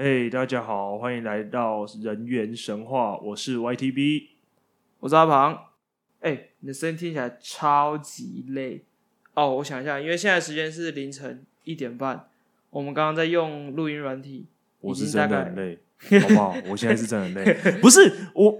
哎，hey, 大家好，歡迎來到人猿神話。我是 YTB，我是阿龐。哎、欸，你的聲音聽起來超級累哦。我想一下，因為現在時間是凌晨一點半，我們剛剛在用錄音軟體，我是真的很累，好不好？ 我現在是真的累，不是我，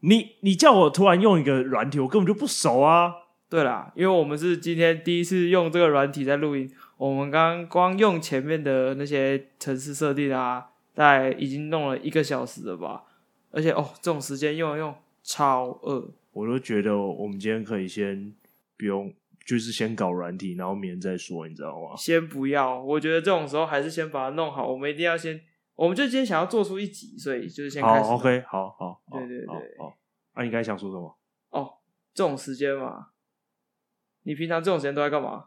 你你叫我突然用一個軟體，我根本就不熟啊。對啦，因為我們是今天第一次用這個軟體在錄音，我們剛剛光用前面的那些程式設定啊。大概已經弄了一個小時了吧，而且哦，這種時間用了用超餓，我都覺得我們今天可以先不用，就是先搞軟體，然後明天再說，你知道嗎？先不要，我覺得這種時候還是先把它弄好。我們一定要先，我們就今天想要做出一集，所以就是先開始。OK，好好，好對對對。哦，那、啊、你剛才想說什麼？哦，這種時間嘛，你平常這種時間都在幹嘛？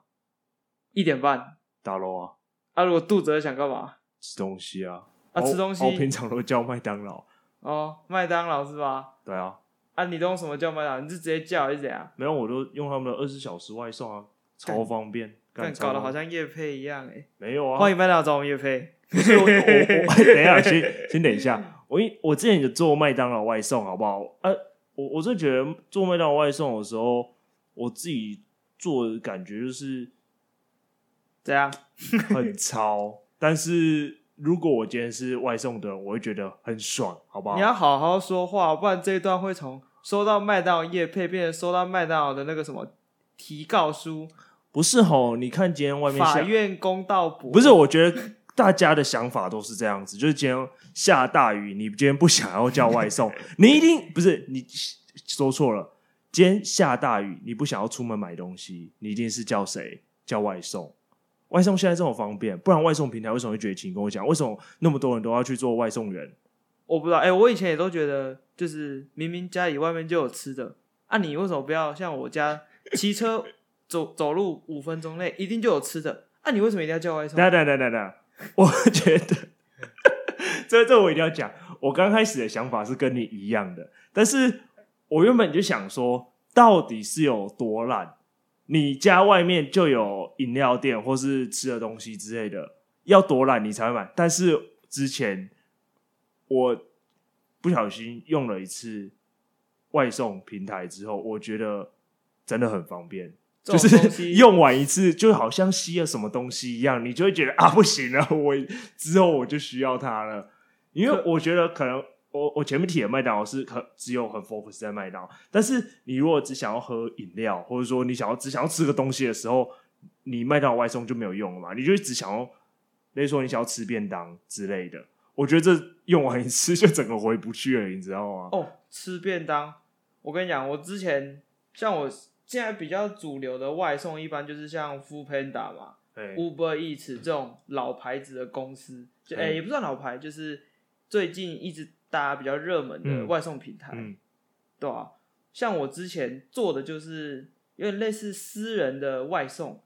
一點半打樓啊。啊，如果肚子餓想幹嘛？吃東西啊。啊，啊，吃東西，我平常都叫麥當勞哦，麥當勞是吧？對啊，啊，你都用什麼叫麥當勞？你就直接叫還是怎樣？沒有，我都用他們的二十小時外送啊，超方便。但幹搞得好像業配一樣哎，欸，沒有啊，歡迎麥當勞找我們業配。 等一下，先先等一下，我一我之前就做麥當勞外送，好不好？呃、啊，我我是覺得做麥當勞外送的時候，我自己做的感覺就是怎樣，很超，但是。如果我今天是外送的，我會覺得很爽，好不好？你要好好說話，不然這一段會從收到麥當勞業配變成收到麥當勞的那個什麼提告書。不是吼，你看今天外面法院公道不是，我覺得大家的想法都是這樣子， 就是今天下大雨，你今天不想要叫外送， 你一定，不是，你說錯了。今天下大雨，你不想要出門買東西，你一定是叫誰？叫外送。外送現在這麼方便，不然外送平台為什麼會崛起？跟我講，為什麼那麼多人都要去做外送員？我不知道，哎、欸，我以前也都覺得，就是明明家裡外面就有吃的，啊，你為什麼不要像我家騎車走 走路五分鐘內一定就有吃的？啊，你為什麼一定要叫外送人？對 我覺得這這我一定要講。我剛開始的想法是跟你一樣的，但是我原本就想說，到底是有多懶。你家外面就有飲料店或是吃的東西之類的，要多懶你才會買。但是之前我不小心用了一次外送平台之後，我覺得真的很方便，就是用完一次就好像吸了什麼東西一樣，你就會覺得，啊，不行了，我之後我就需要它了，因為我覺得可能。我我前面提的麥當勞是可只有很 focus 在麥當勞，但是你如果只想要喝飲料，或者說你想要只想要吃個東西的時候，你麥當勞外送就沒有用了嘛？你就只想要，例如說你想要吃便當之類的，我覺得這用完一次就整個回不去了，你知道嗎？哦，吃便當，我跟你講，我之前像我現在比較主流的外送，一般就是像 Foodpanda 嘛、欸、，Uber Eats 這種老牌子的公司，就、欸欸、也不算老牌，就是最近一直。大家比較熱門的外送平台，嗯嗯、對啊，像我之前做的就是有點類似私人的外送，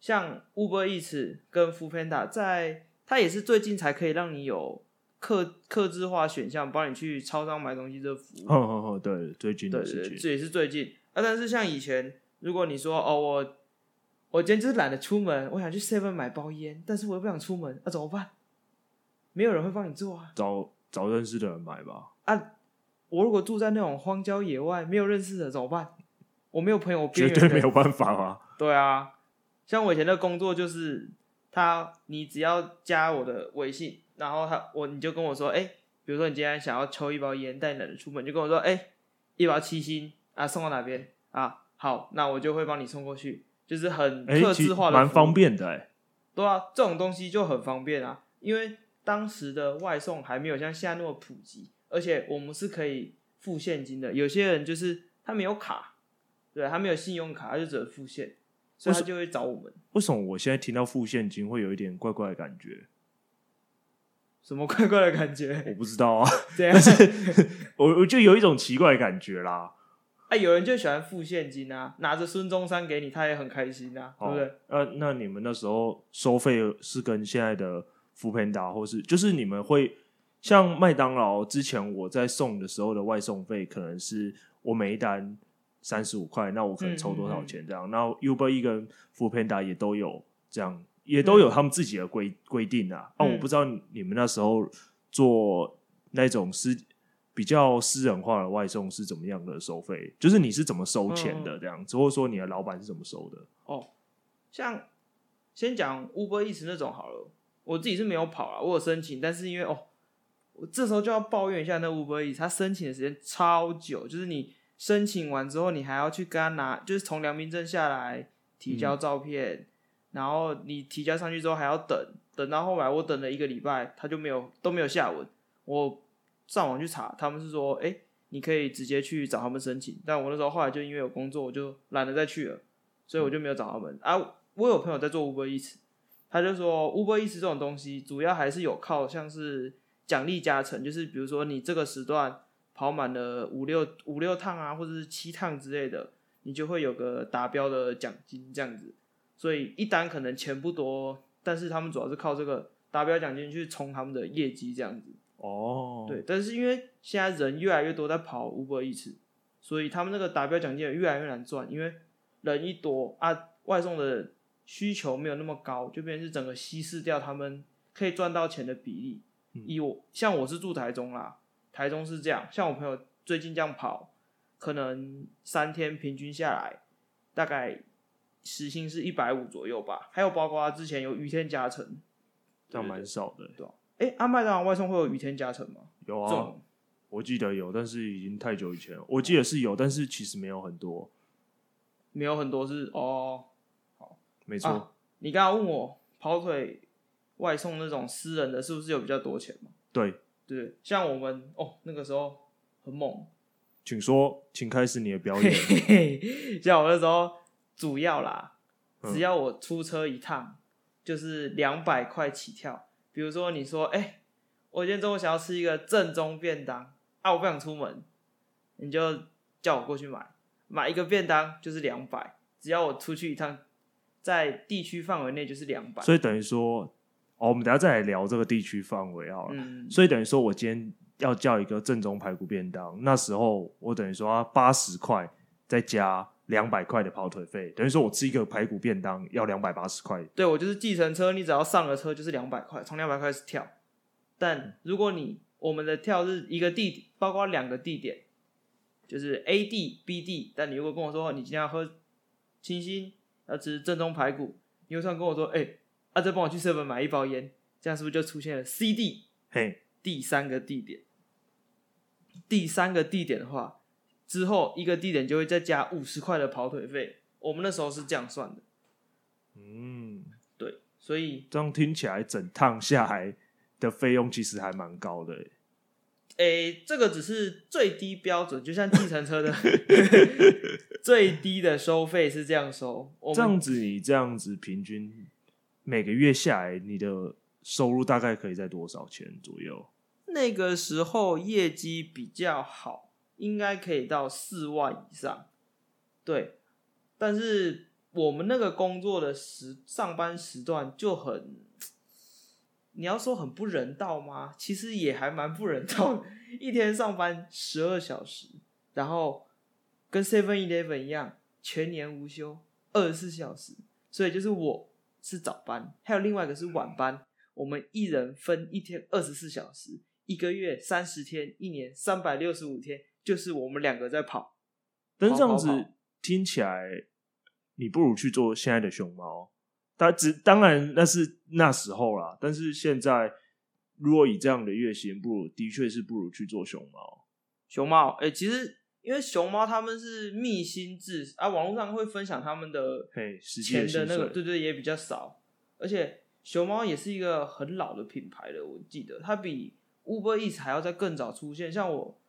像 Uber Eats 跟 Foodpanda，在它也是最近才可以讓你有客客製化選項，幫你去超商買東西這服務。哦對，最近，對，對對，這也是最近啊。但是像以前，如果你說哦，我我今天就是懶得出門，我想去 Seven 買包煙，但是我又不想出門啊，怎麼辦？沒有人會幫你做啊。走找認識的人買吧。啊，我如果住在那種荒郊野外，沒有認識的怎麼辦？我沒有朋友的，絕對沒有辦法啊。對啊，像我以前的工作就是，他你只要加我的微信，然後他我你就跟我說，誒、欸，比如說你今天想要抽一包菸，帶人出門，就跟我說，誒、欸，一包七星啊，送到哪邊啊？好，那我就會幫你送過去，就是很特製化的，蠻、欸、方便的、欸。對啊，這種東西就很方便啊，因為。當時的外送還沒有像現在那麼普及，而且我們是可以付現金的。有些人就是他沒有卡，對，他沒有信用卡，他就只能付現，所以他就會找我們。為什麼我現在聽到付現金會有一點怪怪的感覺？什麼怪怪的感覺？我不知道啊。對啊，我我就有一種奇怪的感覺啦。啊，有人就喜歡付現金啊，拿着孫中山給你，他也很開心啊，好對不對？啊，那你們那時候收費是跟現在的？Foodpanda, 或是，就是你們會像麥當勞，之前我在送的時候的外送費，可能是我每一單三十五塊，嗯、那我可能抽多少錢這樣？然後 Uber Eats 跟 Foodpanda 也都有這樣，也都有他們自己的規、嗯、規定啊。嗯、啊，我不知道你們那時候做那種私、嗯、比較私人化的外送是怎麼樣的收費，就是你是怎麼收錢的這樣子，嗯嗯、或者說你的老闆是怎麼收的？哦，像先講 Ubereats 那種好了。我自己是沒有跑了，我有申請，但是因為哦，我這時候就要抱怨一下那 Ubereats，他申請的時間超久，就是你申請完之後，你還要去跟他拿，就是從良民證下來提交照片，嗯、然後你提交上去之後還要等，等到後來我等了一個禮拜，他就沒有都沒有下文。我上網去查，他們是說，誒、欸，你可以直接去找他們申請，但我那時候後來就因為有工作，我就懶得再去了，所以我就沒有找他們。嗯、啊，我有朋友在做 Ubereats。他就說，Uber Eats 這種東西主要還是有靠，像是獎勵加成，就是比如說你這個時段跑滿了五六五六趟啊，或者是七趟之類的，你就會有個達標的獎金這樣子。所以一單可能錢不多，但是他們主要是靠這個達標獎金去衝他們的業績這樣子。哦，oh. 對。但是因為現在人越來越多在跑 Uber Eats，所以他們那個達標獎金也越來越難賺，因為人一多啊，外送的。需求沒有那麼高，就變成是整個稀釋掉他們可以賺到錢的比例。嗯、以我像我是住台中啦，台中是這樣。像我朋友最近這樣跑，可能三天平均下來大概時薪是一百五左右吧。還有包括他之前有雨天加成，這樣蠻少的。對，哎、欸，阿、啊、麥當勞外送會有雨天加成嗎？有啊，重我記得有，但是已經太久以前了，我記得是有，嗯、但是其實沒有很多，沒有很多是哦。哦沒錯、啊，你剛剛問我跑腿外送那種私人的是不是有比較多錢嘛？對對，像我們哦那個時候很猛，請說，請開始你的表演。嘿嘿，像我那時候主要啦，只要我出車一趟、嗯、就是兩百塊起跳。比如說你說，哎，我今天中午想要吃一個正宗便當啊，我不想出門，你就叫我過去買，買一個便當就是兩百，只要我出去一趟。在地區範圍內就是兩百，所以等於說，哦，我們等下再來聊這個地區範圍好了。嗯、所以等於說，我今天要叫一個正宗排骨便當，那時候我等於說啊，八十塊再加兩百塊的跑腿費，等於說我吃一個排骨便當要兩百八十塊。對，我就是計程車，你只要上個車就是兩百塊，從兩百塊開始跳。但如果你我們的跳是一個地，包括兩個地點，就是 A 地、B 地。但你如果跟我說你今天要喝清新。要吃正宗排骨，你就算跟我說：“哎、欸，阿哲幫我去 Seven 買一包煙，這樣是不是就出現了 CD？嘿，第三個地點，第三個地點的話，之後一個地點就會再加五十塊的跑腿費。我們那時候是這樣算的。嗯，對，所以這樣聽起來，整趟下來的費用其實還蠻高的、欸。”誒、欸，這個只是最低標準，就像計程車的 最低的收費是這樣收。這樣子，你這樣子平均每個月下來，你的收入大概可以在多少錢左右？那個時候業績比較好，應該可以到四萬以上。對，但是我們那個工作的時，上班時段就很。你要說很不人道嗎？其實也還蠻不人道，一天上班十二小時，然後跟 Seven Eleven 一樣，全年無休，二十四小時。所以就是我是早班，還有另外一個是晚班，我們一人分一天二十四小時，一個月三十天，一年三百六十五天，就是我們兩個在跑。但跑跑這樣子跑聽起來，你不如去做現在的熊貓。他只當然那是那時候啦，但是現在如果以這樣的月薪，不如的確是不如去做熊貓。熊貓哎、欸，其實因為熊貓他們是密薪制啊，網絡上會分享他們的嘿前的那個，個對對，對也比較少，而且熊貓也是一個很老的品牌了，我記得它比 Uber Eats 還要再更早出現。像我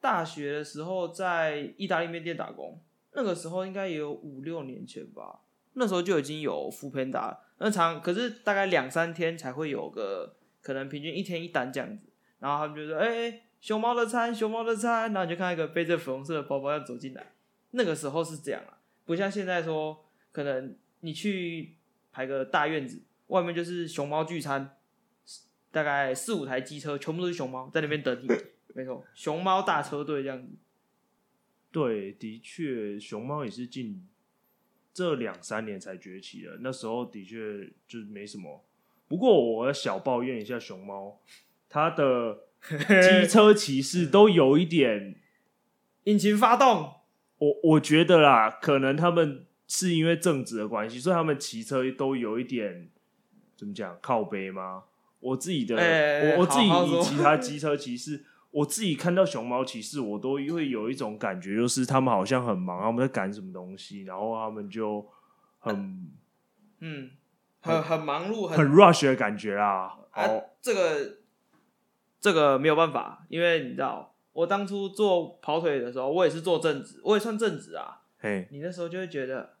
大學的時候在意大利麵店打工，那個時候應該也有五六年前吧。那時候就已經有 Foodpanda，那常可是大概兩三天才會有個，可能平均一天一單這樣子。然後他們就說：“哎、欸，熊貓的餐，熊貓的餐。”然後你就看一個背着粉紅色的包包要走進來。那個時候是這樣啊，不像現在說，可能你去排個大院子，外面就是熊貓聚餐，大概四五台機車，全部都是熊貓在那邊等你。 沒錯，熊貓大車隊這樣子。對，的確，熊貓也是進。這兩三年才崛起的。那時候的確就沒什麼。不過我要小抱怨一下，熊貓他的機車騎士都有一點 引擎發動，我我覺得啦，可能他們是因為正職的關係，所以他們騎車都有一點怎麼講，靠北嗎？我自己的，哎哎哎我我自己好好以及其他機車騎士。我自己看到熊貓騎士，我都會有一種感覺，就是他們好像很忙，他們在趕什麼東西，然後他們就很，啊、嗯，很很忙碌，很，很 rush 的感覺啊。啊，這個這個沒有辦法，因為你知道，我當初做跑腿的時候，我也是做正職，我也算正職啊。嘿，你那時候就會覺得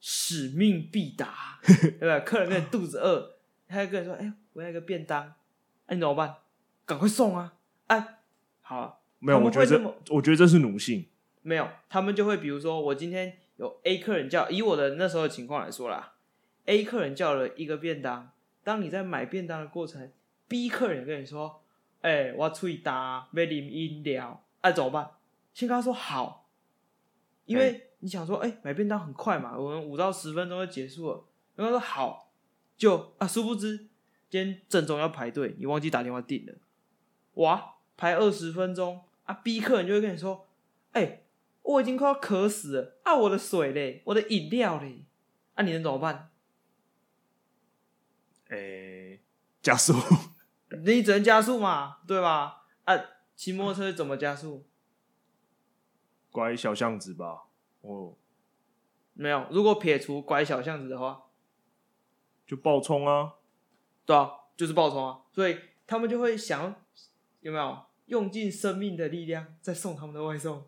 使命必達， 對不對？客人那肚子餓， 他就跟你人說：“哎、欸，我要一個便當。”哎，你怎麼辦？趕快送啊！哎，好，沒有，得麼？我覺得這是奴性。沒有，他們就會比如說，我今天有 A 客人叫，以我的那時候的情況來說啦，A 客人叫了一個便當。當你在買便當的過程，B 客人也跟你說：“哎，我要出去打，買飲料。啊”哎，怎麼辦？先跟他說好，因為你想說，哎，買便當很快嘛，我們五到十分鐘就結束了。然後說好，就啊，殊不知今天正中要排隊，你忘記打電話訂了，哇！排二十分鐘啊，逼客人就會跟你說：“哎、欸，我已經快要渴死了啊我，我的水嘞？我的飲料嘞？啊，你能怎麼辦？”哎、欸，加速，你只能加速嘛，對吧？啊，騎摩托車怎麼加速？拐小巷子吧，哦，沒有，如果撇除拐小巷子的話，就爆衝啊，對啊，就是爆衝啊，所以他們就會想，有沒有？用盡生命的力量在送他們的外送，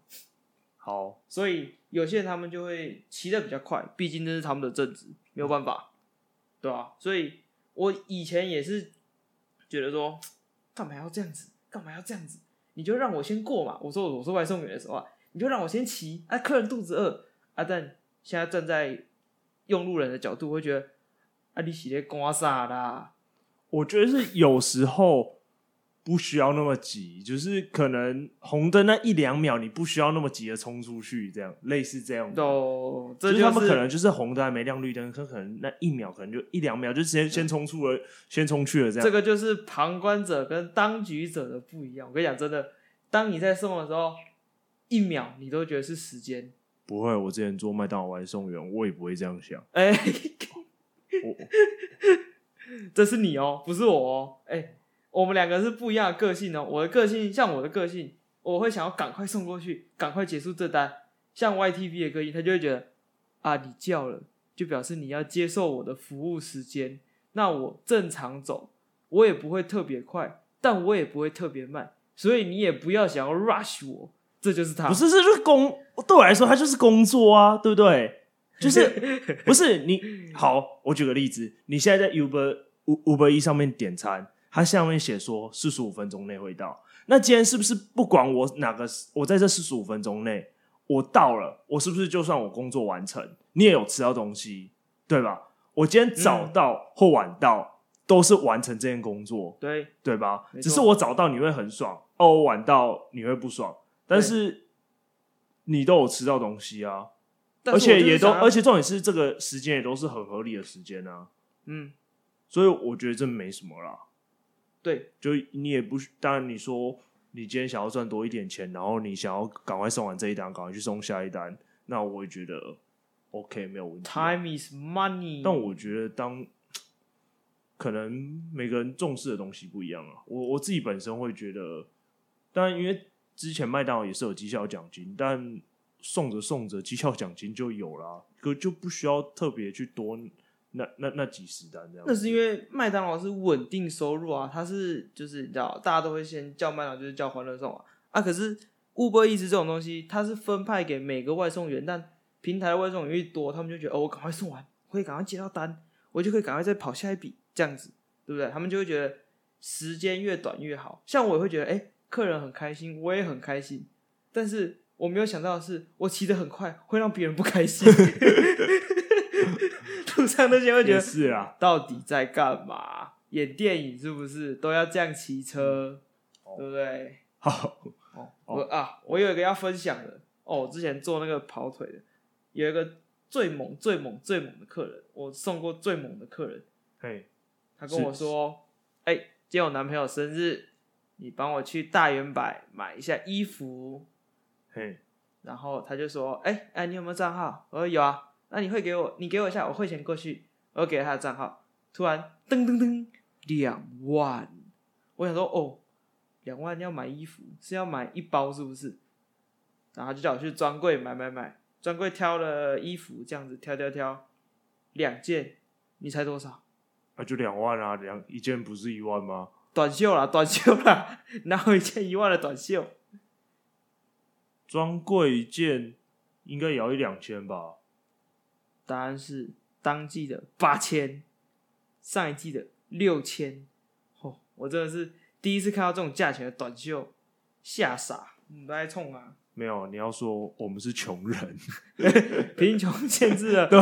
好，所以有些人他們就會騎得比較快，畢竟這是他們的正職，沒有辦法，嗯、對啊。所以我以前也是覺得說，幹嘛要這樣子？幹嘛要這樣子？你就讓我先過嘛！我說我是外送員的時候啊，你就讓我先騎。啊，客人肚子餓啊，但現在站在用路人的角度，我會覺得啊，你是在幹啥啦？我覺得是有時候。不需要那麼急，就是可能紅燈那一兩秒，你不需要那麼急的衝出去，這樣類似這樣。的、哦、就他們可能就是紅燈還沒亮綠燈，可可能那一秒可能就一兩秒，就先、嗯、先衝出了，先衝去了這樣。這個就是旁觀者跟當局者的不一樣。我跟你講，真的，當你在送的時候，一秒你都覺得是時間。不會，我之前做麥當勞外送員，我也不會這樣想。哎、欸 哦，我這是你哦，不是我哦，哎、欸。我們兩個是不一樣的個性哦。我的個性像我的個性，我會想要趕快送過去，趕快結束這單。像 YTV 的個性，他就會覺得，啊，你叫了就表示你要接受我的服務時間。那我正常走，我也不會特別快，但我也不會特別慢。所以你也不要想要 rush 我，這就是他。不是，這就是工對我來說，他就是工作啊，對不對？就是 不是你？好，我舉個例子，你現在在 Uber, U Uber Uber Eats 上面點餐。他下面寫說四十五分鐘內會到。那今天是不是不管我哪個，我在這四十五分鐘內我到了，我是不是就算我工作完成，你也有吃到東西，對吧？我今天早到或晚到，嗯、都是完成這件工作，對，對吧？沒錯，只是我早到你會很爽，哦，我晚到你會不爽，但是對，你都有吃到東西啊，而且也都而且重點是這個時間也都是很合理的時間啊，嗯，所以我覺得這沒什麼啦。對，就你也不當然，你說你今天想要賺多一點錢，然後你想要趕快送完這一單，趕快去送下一單，那我會覺得 OK，沒有問題。Time is money。但我覺得當可能每個人重視的東西不一樣啊。我我自己本身會覺得，但因為之前麥當勞也是有績效獎金，但送着送着績效獎金就有啦，可就不需要特別去多。那那那幾十單這樣，那是因為麥當勞是穩定收入啊，他是就是你知道，大家都會先叫麥當勞，就是叫歡樂送啊啊，可是 Uber Eats 這種東西，它是分派給每個外送員，但平台的外送員一多，他們就覺得哦，我趕快送完，我可以趕快接到單，我就可以趕快再跑下一筆，這樣子，對不對？他們就會覺得時間越短越好。像我也會覺得，哎、欸，客人很開心，我也很開心，但是我沒有想到的是，我騎得很快會讓別人不開心。 是啊，到底在幹嘛？演電影是不是都要這樣騎車？嗯 oh. 對不對？好、oh. oh. oh.，我啊，我有一個要分享的哦。Oh, 我之前做那個跑腿的，有一個最猛、最猛、最猛的客人，我送過最猛的客人。Hey. 他跟我說：“哎是，今天、欸、我男朋友生日，你幫我去大遠百買，買一下衣服。” Hey. 然後他就說：“哎、欸、哎、啊，你有沒有賬號？”我說：“有啊。”那、啊、你會給我，你給我一下，我匯錢過去，我給了他的賬號，突然噔噔噔，兩萬，我想說哦，兩萬要買衣服是要買一包是不是？然後就叫我去專櫃買買買，專櫃挑了衣服，這樣子挑挑挑，兩件，你猜多少？那、啊、就兩萬啊，兩，一件不是一萬嗎？短袖啦短袖啦，然後一件一萬的短袖。專櫃一件應該也要一兩千吧。答案是當季的八千，上一季的六千，哦。我真的是第一次看到這種價錢的短袖，嚇傻！你不都衝啊！沒有，你要說我們是窮人，貧窮 限制了。 對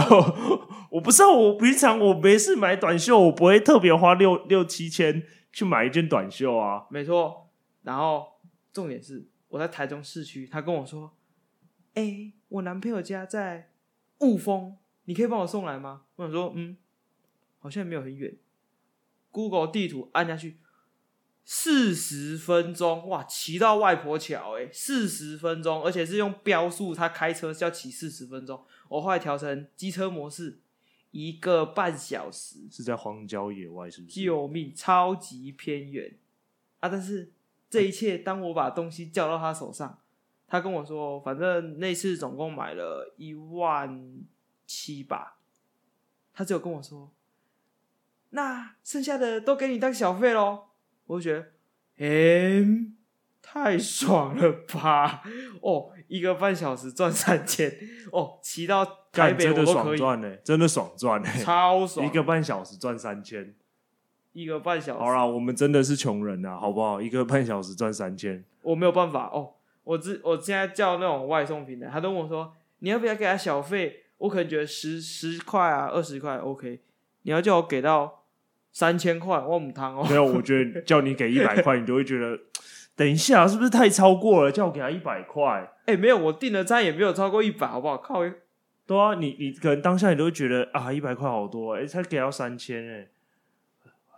我不知道，我平常我沒事買短袖，我不會特別花六六七千去買一件短袖啊。沒錯，然後重點是我在台中市區，他跟我說，哎、欸，我男朋友家在霧峰。你可以幫我送來嗎？我想說，嗯，好像沒有很遠。Google 地圖按下去，四十分鐘，哇，騎到外婆橋誒、欸，四十分鐘，而且是用標速，他開車是要騎四十分鐘。我後來調成機車模式，一個半小時。是在荒郊野外，是不是？救命，超級偏遠啊！但是這一切，當我把東西交到他手上，他跟我說，反正那次總共買了一萬。七吧，他只有跟我說：“那剩下的都給你當小費咯。”我就覺得，嘿、欸，太爽了吧！哦，一個半小時賺三千，哦，騎到台北我都可以，我真的爽賺嘞，真的爽賺嘞、欸，真的爽賺欸、超爽、欸！一個半小時賺三千，一個半小時。好啦，我們真的是窮人啊，好不好？一個半小時賺三千，我沒有辦法哦。我只我現在叫那種外送平台他都問我說：“你要不要給他小費？”我可能覺得十十塊啊，二十塊 OK。你要叫我給到三千塊，我唔貪哦。沒有，我覺得叫你給一百塊， 你都會覺得，等一下是不是太超過了？叫我給他一百塊，哎、欸，沒有，我訂的餐也沒有超過一百，好不好？靠一，對啊，你你可能當下你都會覺得啊，一百塊好多，哎、欸，才給到三千，欸，哎，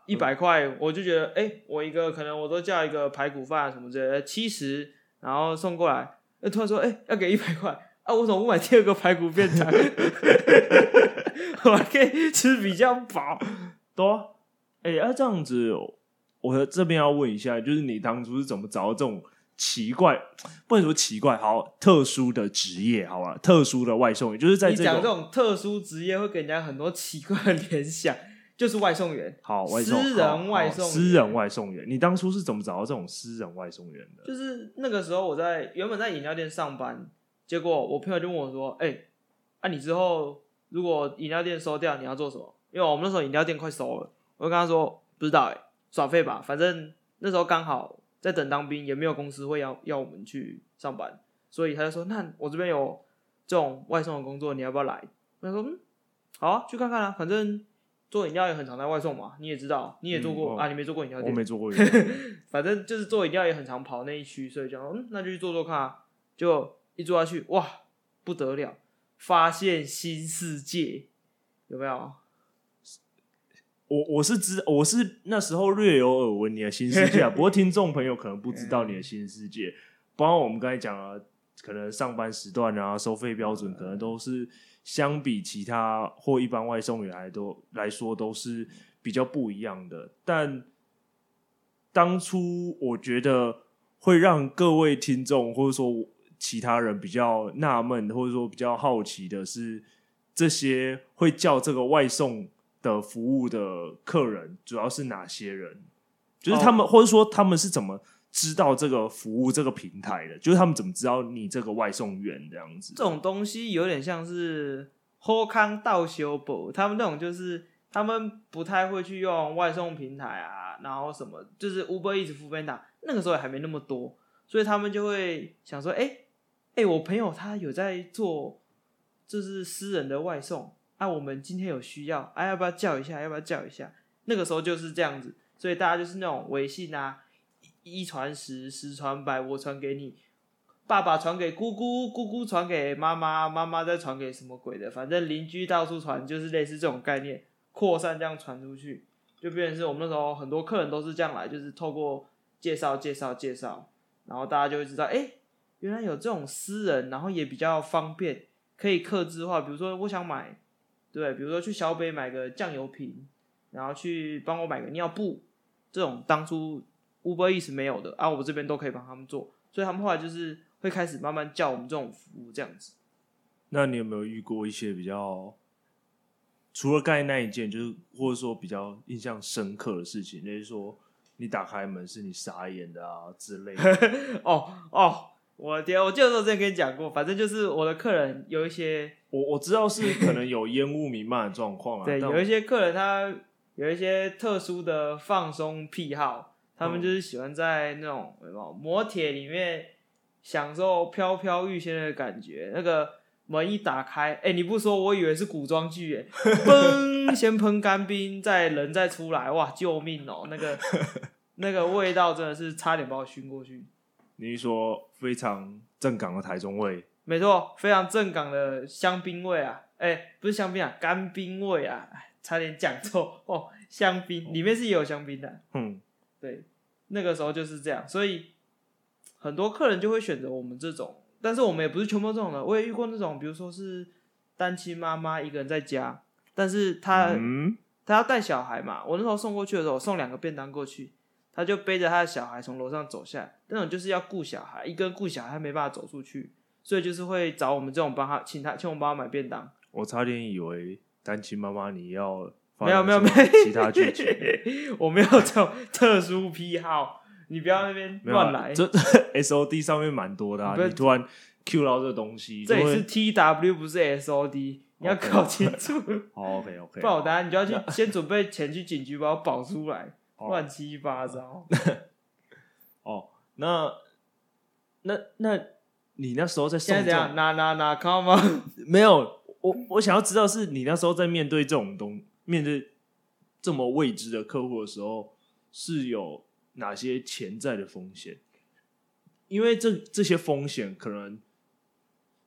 一百塊我就覺得，哎、欸，我一個可能我都叫一個排骨飯、啊、什麼之類的七十，然後送過來，欸，突然說，哎、欸，要給一百塊。啊！我怎麼不買第二個排骨便當 我還可以吃比較飽多、 啊。哎、欸，那、啊、這樣子，我這邊要問一下，就是你當初是怎麼找到這種奇怪，不能說奇怪，好特殊的職業，好吧？特殊的外送員，就是在這講這種特殊職業會給人家很多奇怪的聯想，就是外送員，好，外送私人外送員，私人外送員。你當初是怎麼找到這種私人外送員的？就是那個時候，我在原本在飲料店上班。結果我朋友就問我說：“哎、欸，那、啊、你之後如果飲料店收掉，你要做什麼？”因為我們那時候飲料店快收了，我就跟他說：“不知道哎、欸，耍廢吧，反正那時候剛好在等當兵，也沒有公司會要要我們去上班。”所以他就說：“那我這邊有這種外送的工作，你要不要來？”我說：“嗯，好、啊，去看看啊，反正做飲料也很常在外送嘛，你也知道，你也做過、嗯、啊，我你沒做過飲料店？我沒做過。有有 反正就是做飲料也很常跑那一區，所以講嗯，那就去做做看啊，就。”一坐下去，哇，不得了！發現新世界，有沒有？我我是知，我是那時候略有耳聞你的新世界啊， 不過聽眾朋友可能不知道你的新世界。包括 我們剛才講了，可能上班時段啊，收費標準可能都是相比其他或一般外送員來都來說都是比較不一樣的。但當初我覺得會讓各位聽眾或者說，其他人比較納悶，或者說比較好奇的是，這些會叫這個外送的服務的客人，主要是哪些人？就是他們，哦、或者說他們是怎麼知道這個服務這個平台的？就是他們怎麼知道你這個外送員這樣子？這種東西有點像是好康倒相報他們那種就是他們不太會去用外送平台啊，然後什麼就是 Uber Eats 富胖達，那個時候也還沒那麼多，所以他們就會想說，哎、欸。誒、欸，我朋友他有在做，就是私人的外送。啊，我們今天有需要，哎、啊，要不要叫一下？要不要叫一下？那個時候就是這樣子，所以大家就是那種微信啊，一傳十，十傳百，我傳給你，爸爸傳給姑姑，姑姑傳給媽媽，媽媽再傳給什麼鬼的，反正鄰居到處傳，就是類似這種概念擴散這樣傳出去，就變成是我們那時候很多客人都是這樣來，就是透過介紹、介紹、介紹，然後大家就會知道，誒、欸。原來有這種私人，然後也比較方便，可以客製化，比如說，我想買，對，比如說去小北買個醬油瓶，然後去幫我買個尿布，這種當初 Uber Eats 沒有的啊，我們這邊都可以幫他們做，所以他們後來就是會開始慢慢叫我們這種服務這樣子。那你有沒有遇過一些比較，除了剛才那一件，就是或者說比較印象深刻的事情，就是說你打開門是你傻眼的啊之類的？哦哦。我天！我記得我之前跟你講過，反正就是我的客人有一些，我我知道是可能有煙霧彌漫的狀況啊，對，但 有一些客人他有一些特殊的放鬆癖好，他們就是喜歡在那種什麼、嗯、摩鐵裡面享受飄飄欲仙的感覺。那個門一打開，哎、欸，你不說我以為是古裝劇、欸，嘣 先噴乾冰，再人再出來，哇，救命哦、喔！那個 那個味道真的是差點把我熏過去。你說非常正港的台中味，沒錯，非常正港的香檳味啊，哎、欸，不是香檳啊，乾冰味啊，差點講錯哦，香檳裡面是也有香檳的，啊，嗯，對，那個時候就是這樣，所以很多客人就會選擇我們這種，但是我們也不是全部這種的，我也遇過那種，比如說是單親媽媽一個人在家，但是她，嗯、她要帶小孩嘛，我那時候送過去的時候，我送兩個便當過去。他就背着他的小孩從樓上走下來，那種就是要顧小孩，一個人顧小孩他沒辦法走出去，所以就是會找我們這種幫他請他請我們幫他買便當。我差點以為單親媽媽你要沒有沒有沒有其他拒絕， 我沒有這種特殊癖好，你不要那邊亂來。 啊、這 S O D 上面蠻多的、啊，你，不你突然 Q 到這東西，這也是 T W 不是 S O D，你要搞清楚。O K O K，不好搭，你就要去先準備錢去警局把我保出來。啊、亂七八糟。哦、 oh,，那那那，你那時候在現在這樣，那那那靠嗎？ 沒有，我我想要知道，是你那時候在面對這種東，面對這麼未知的客戶的時候，是有哪些潛在的風險？因為這這些風險，可能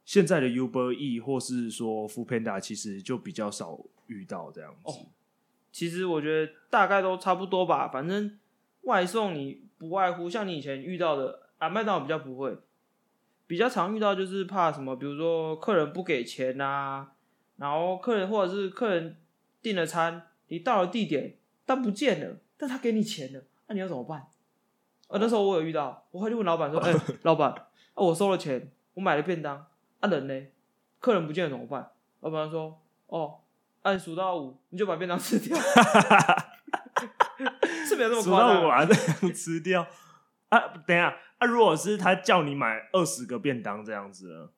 現在的 Uber E 或是說 Foodpanda 其實就比較少遇到這樣子。Oh. 其實我覺得大概都差不多吧，反正外送你不外乎像你以前遇到的，啊麥當勞比較不會，比較常遇到就是怕什麼，比如說客人不給錢啊，然後客人或者是客人訂了餐，你到了地點但不見了，但他給你錢了，那、啊、你要怎麼辦？呃、啊、那時候我有遇到，我會去問老板說，哎、 欸，老板，啊我收了錢，我買了便當，啊人呢？客人不見了怎麼辦？老板說，哦。按數、啊、到五，你就把便當吃掉。是沒有那麼誇張。數到五啊，這樣吃掉。啊，等一下，啊，如果是他叫你買二十個便當這樣子呢？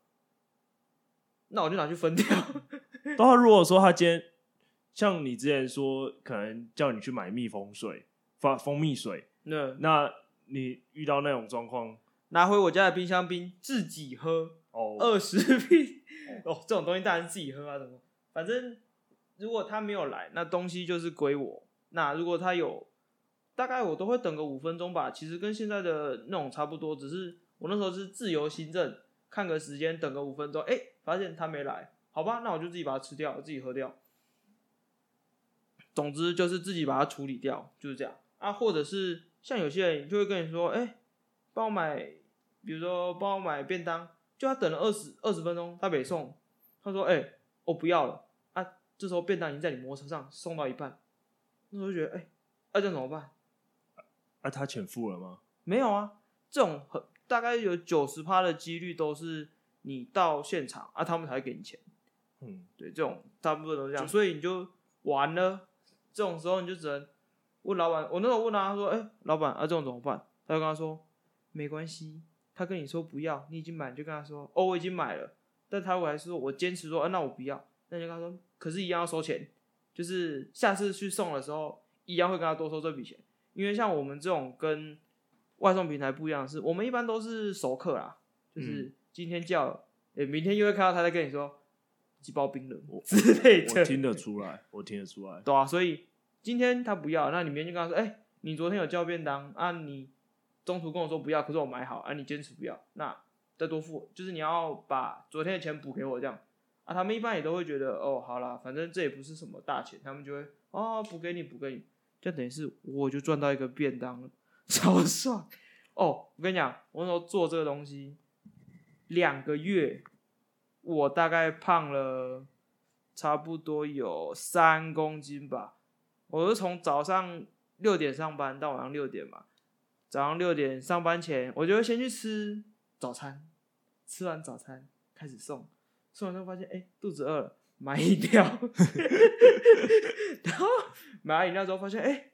那我就拿去分掉。不過、嗯、如果說他今天像你之前說，可能叫你去買蜜蜂水、發蜂蜜水，那、嗯、那你遇到那種狀況，拿回我家的冰箱冰自己喝。哦，二十瓶哦，這種東西當然是自己喝啊，怎麼，反正。如果他沒有來，那東西就是歸我。那如果他有，大概我都會等個五分鐘吧。其實跟現在的那種差不多，只是我那時候是自由行政，看個時間，等個五分鐘。哎、欸，發現他沒來，好吧，那我就自己把它吃掉，自己喝掉。總之就是自己把它處理掉，就是這樣。啊，或者是像有些人就會跟你說，哎、欸，幫我買，比如說幫我買便當，就他等了二十二十分鐘，他沒送。他說，哎、欸，我不要了。這時候便當已經在你摩托車上送到一半，那時候就覺得哎，哎、欸啊、這樣怎麼辦？那、啊啊、他錢付了嗎？沒有啊，這種很大概有九十趴的幾率都是你到現場啊，他們才會給你錢。嗯，對，這種大部分都是這樣，就所以你就完了。這種時候你就只能問老闆，我那時候問他、啊，他說哎、欸，老闆，啊這種怎麼辦？他就跟他說沒關係，他跟你說不要，你已經買，你就跟他說哦我已經買了，但他我還是說我堅持說，啊，那我不要。他就跟他說，可是，一樣要收錢，就是下次去送的時候，一樣會跟他多收這筆錢。因為像我們這種跟外送平台不一樣的是，是我們一般都是熟客啦，就是今天叫，誒、嗯欸，明天又會看到他在跟你說幾包冰冷之類的，我我我聽得出來，我聽得出來對，對啊。所以今天他不要，那你明天就跟他說，誒、欸，你昨天有叫便當啊？你中途跟我說不要，可是我買好，啊，你堅持不要，那再多付，就是你要把昨天的錢補給我，這樣。啊，他們一般也都會覺得，哦，好啦，反正這也不是什麼大錢，他們就會，哦，補給你，補給你，就等於是我就賺到一個便當了，超爽。哦，我跟你講，我那時候做這個東西，兩個月，我大概胖了差不多有三公斤吧。我是從早上六點上班到晚上六點嘛，早上六點上班前，我就會先去吃早餐，吃完早餐開始送。吃完之後發現哎、欸，肚子餓了，買飲料， 然後買完飲料之後發現哎、欸，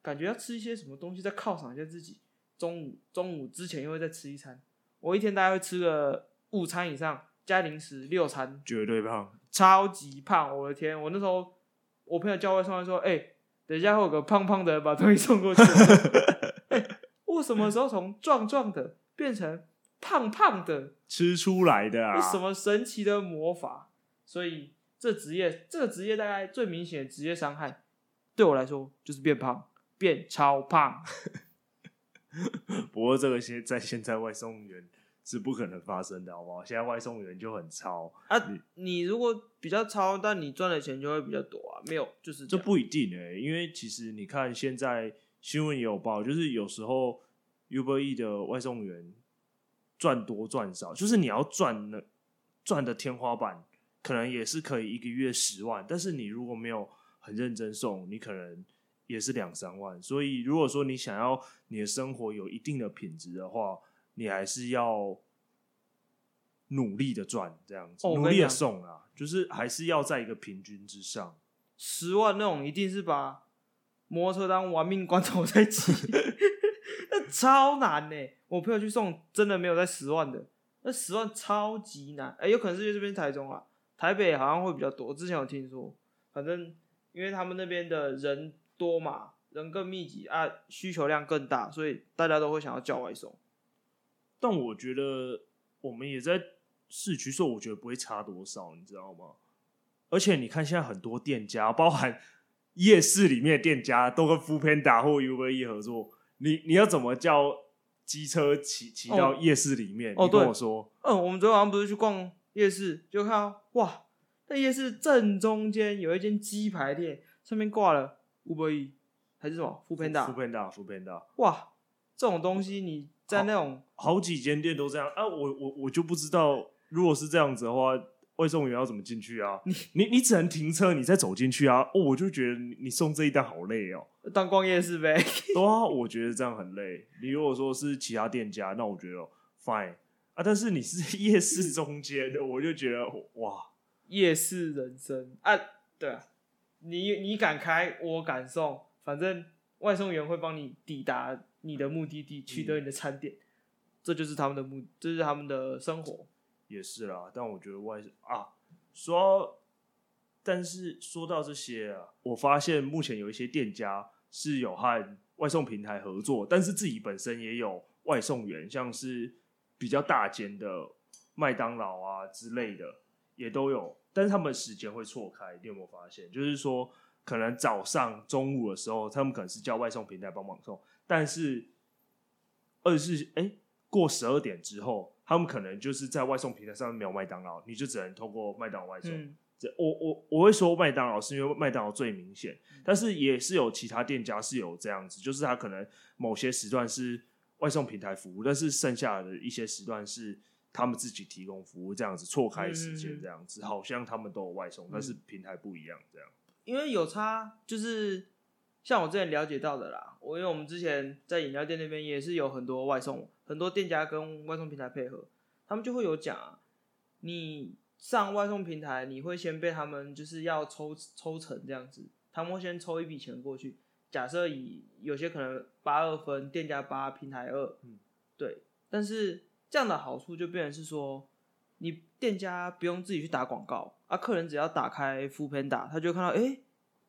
感覺要吃一些什麼東西再犒賞一下自己。中午，中午之前又會再吃一餐，我一天大概會吃個五餐以上，加零食六餐，絕對胖，超級胖！我的天，我那時候我朋友叫外送說哎、欸，等一下會有個胖胖的把東西送過去，哎、 欸，我什麼時候從壯壯的變成？胖胖的，吃出來的啊！什麼神奇的魔法？所以這職業，這個職業大概最明顯的職業傷害，對我來說就是變胖，變超胖。 不過這個現在，在現在外送員是不可能發生的，好不好？現在外送員就很超啊。你，你如果比較超，但你賺的錢就會比較多啊。就沒有，就是這就不一定誒、欸，因為其實你看現在新聞也有報，就是有時候 Uber Eats 的外送員。賺多賺少，就是你要賺的，賺的天花板可能也是可以一個月十萬，但是你如果沒有很認真送，你可能也是兩三萬。所以如果說你想要你的生活有一定的品質的話，你還是要努力的賺，這樣子、哦、努力的送啊，就是還是要在一個平均之上。十萬那種一定是把摩托車當玩命關頭在騎。 那超難呢、欸，我朋友去送真的沒有在十萬的，那十萬超級難，哎、欸，有可能是因為這邊台中啊，台北好像會比較多。我之前有聽說，反正因為他們那邊的人多嘛，人更密集啊，需求量更大，所以大家都會想要叫外送。但我覺得我們也在市區，所以我覺得不會差多少，你知道嗎？而且你看現在很多店家，包含夜市裡面的店家，都跟 Foodpanda 或 Uber Eats 合作。你你要怎麼叫機車騎騎到夜市裡面？哦、你跟我說、哦對。嗯，我們昨天晚上不是去逛夜市，就看到哇，在夜市正中間有一間雞排店，上面掛了 Uber Eats 還是什麼？Foodpanda。Foodpanda，Foodpanda。哇，這種東西你在那種、啊、好幾間店都這樣啊！我我我就不知道，如果是這樣子的話。外送員要怎麼進去啊？你你你只能停車，你再走進去啊。哦、oh，我就覺得你送這一單好累哦、喔。當逛夜市唄。對啊，我覺得這樣很累。你 如果說是其他店家，那我覺得 fine 啊。但是你是夜市中間的， 我就覺得哇，夜市人生啊。對啊，你你敢開，我敢送。反正外送員會幫你抵達你的目的地，取得你的餐點，嗯、這就是他們的目，這、就是他們的生活。也是啦，但我覺得外送啊，說，但是說到這些啊，我發現目前有一些店家是有和外送平台合作，但是自己本身也有外送員，像是比較大間的麥當勞啊之類的也都有，但是他們時間會錯開，你有沒有發現？就是說，可能早上、中午的時候，他們可能是叫外送平台幫忙送，但是二是哎、欸、過十二點之後。他們可能就是在外送平台上面沒有麥當勞，你就只能通過麥當勞外送。這、嗯、我我我會說麥當勞，是因為麥當勞最明顯，但是也是有其他店家是有這樣子，就是他可能某些時段是外送平台服務，但是剩下的一些時段是他們自己提供服務，這樣子錯開時間，這樣子、嗯、好像他們都有外送，但是平台不一樣，這樣、嗯。因為有差，就是像我之前了解到的啦，我因為我們之前在飲料店那邊也是有很多外送。嗯很多店家跟外送平台配合，他們就會有講啊，你上外送平台，你會先被他們就是要抽抽成這樣子，他們會先抽一筆錢過去。假設以有些可能八二分，店家八平台二，嗯，對。但是這樣的好處就變成是說，你店家不用自己去打廣告啊，客人只要打開 Foodpanda，他就會看到，誒，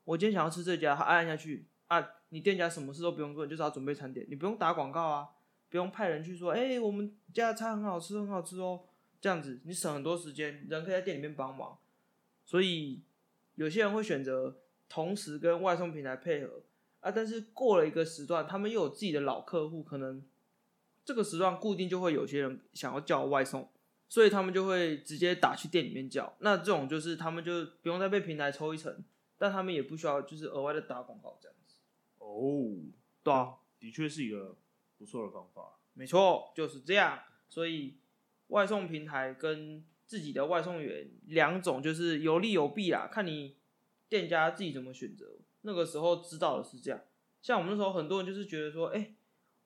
我今天想要吃這家，他按下去，啊，你店家什麼事都不用做，你就是要準備餐點，你不用打廣告啊。不用派人去說，哎、欸，我們家的菜很好吃，很好吃哦。這樣子你省很多時間，人可以在店裡面幫忙。所以有些人會選擇同時跟外送平台配合啊。但是過了一個時段，他們又有自己的老客戶，可能這個時段固定就會有些人想要叫外送，所以他們就會直接打去店裡面叫。那這種就是他們就不用再被平台抽一成，但他們也不需要就是額外的打廣告這樣子。哦，oh, 對啊，的確是一個。不錯的方法。啊，沒錯，就是這樣。所以外送平台跟自己的外送員兩種，就是有利有弊啦，看你店家自己怎麼選擇。那個時候知道的是這樣，像我們那時候很多人就是覺得說，哎、欸，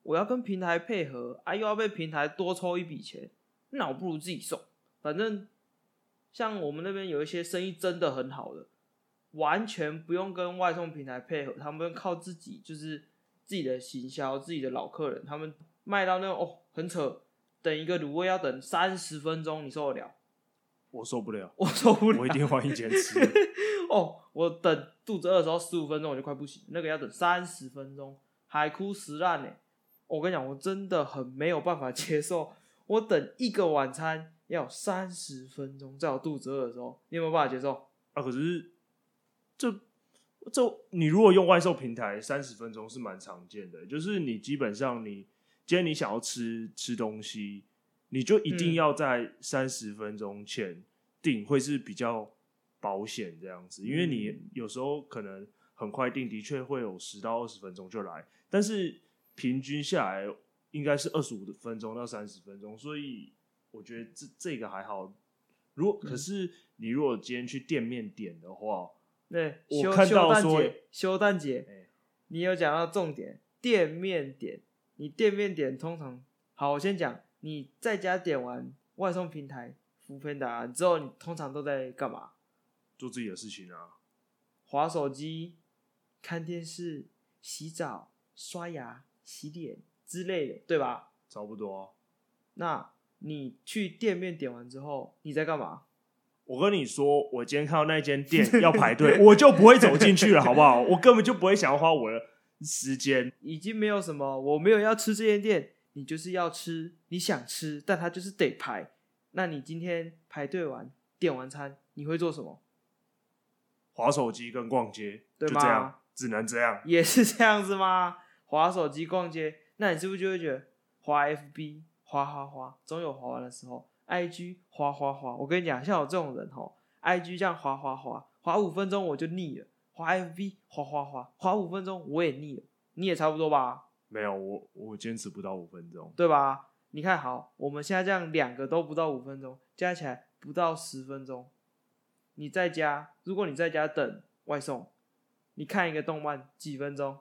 我要跟平台配合，哎、啊，又要被平台多抽一筆錢，那我不如自己送。反正像我們那邊有一些生意真的很好的，完全不用跟外送平台配合，他們靠自己就是。自己的行銷，自己的老客人，他們賣到那種哦，很扯，等一個滷味要等三十分鐘，你受得了？我受不了，我受不了。我一定換一間吃。 哦，我等肚子餓的時候十五分鐘我就快不行，那個要等三十分鐘，海枯石爛呢。我跟你講，我真的很沒有辦法接受，我等一個晚餐要三十分鐘，在我肚子餓的時候，你有沒有辦法接受？啊，可是這。就這你如果用外送平台，三十分鐘是蠻常見的。就是你基本上你今天你想要吃吃東西，你就一定要在三十分鐘前訂，嗯、會是比較保險這樣子。因為你有時候可能很快訂，的確會有十到二十分鐘就來，但是平均下來應該是二十五分鐘到三十分鐘。所以我覺得這這個還好。如果、嗯、可是你如果今天去店面點的話。對，我看到說，修蛋姐，姐欸、你有講到重點，店面點，你店面點通常，好，我先講，你在家點完外送平台、Foodpanda 之後，你通常都在幹嘛？做自己的事情啊，滑手機、看電視、洗澡、刷牙、洗臉之類的，對吧？差不多。那你去店面點完之後，你在幹嘛？我跟你說，我今天看到那間店要排隊， 我就不會走進去了，好不好？我根本就不會想要花我的時間。已經沒有什麼，我沒有要吃這間店，你就是要吃，你想吃，但它就是得排。那你今天排隊完點完餐，你會做什麼？滑手機跟逛街，就這樣，對嗎？只能這樣。也是這樣子嗎？滑手機逛街，那你是不是就會覺得滑 FB 滑滑滑，總有滑完的時候？IG 滑滑滑，我跟你講，像我這種人吼，IG 這樣滑滑滑，滑五分鐘我就膩了。滑 FB 滑滑滑，滑五分鐘我也膩了。你也差不多吧？沒有，我我堅持不到五分鐘，對吧？你看好，我們現在這樣兩個都不到五分鐘，加起來不到十分鐘。你在家，如果你在家等外送，你看一個動漫幾分鐘？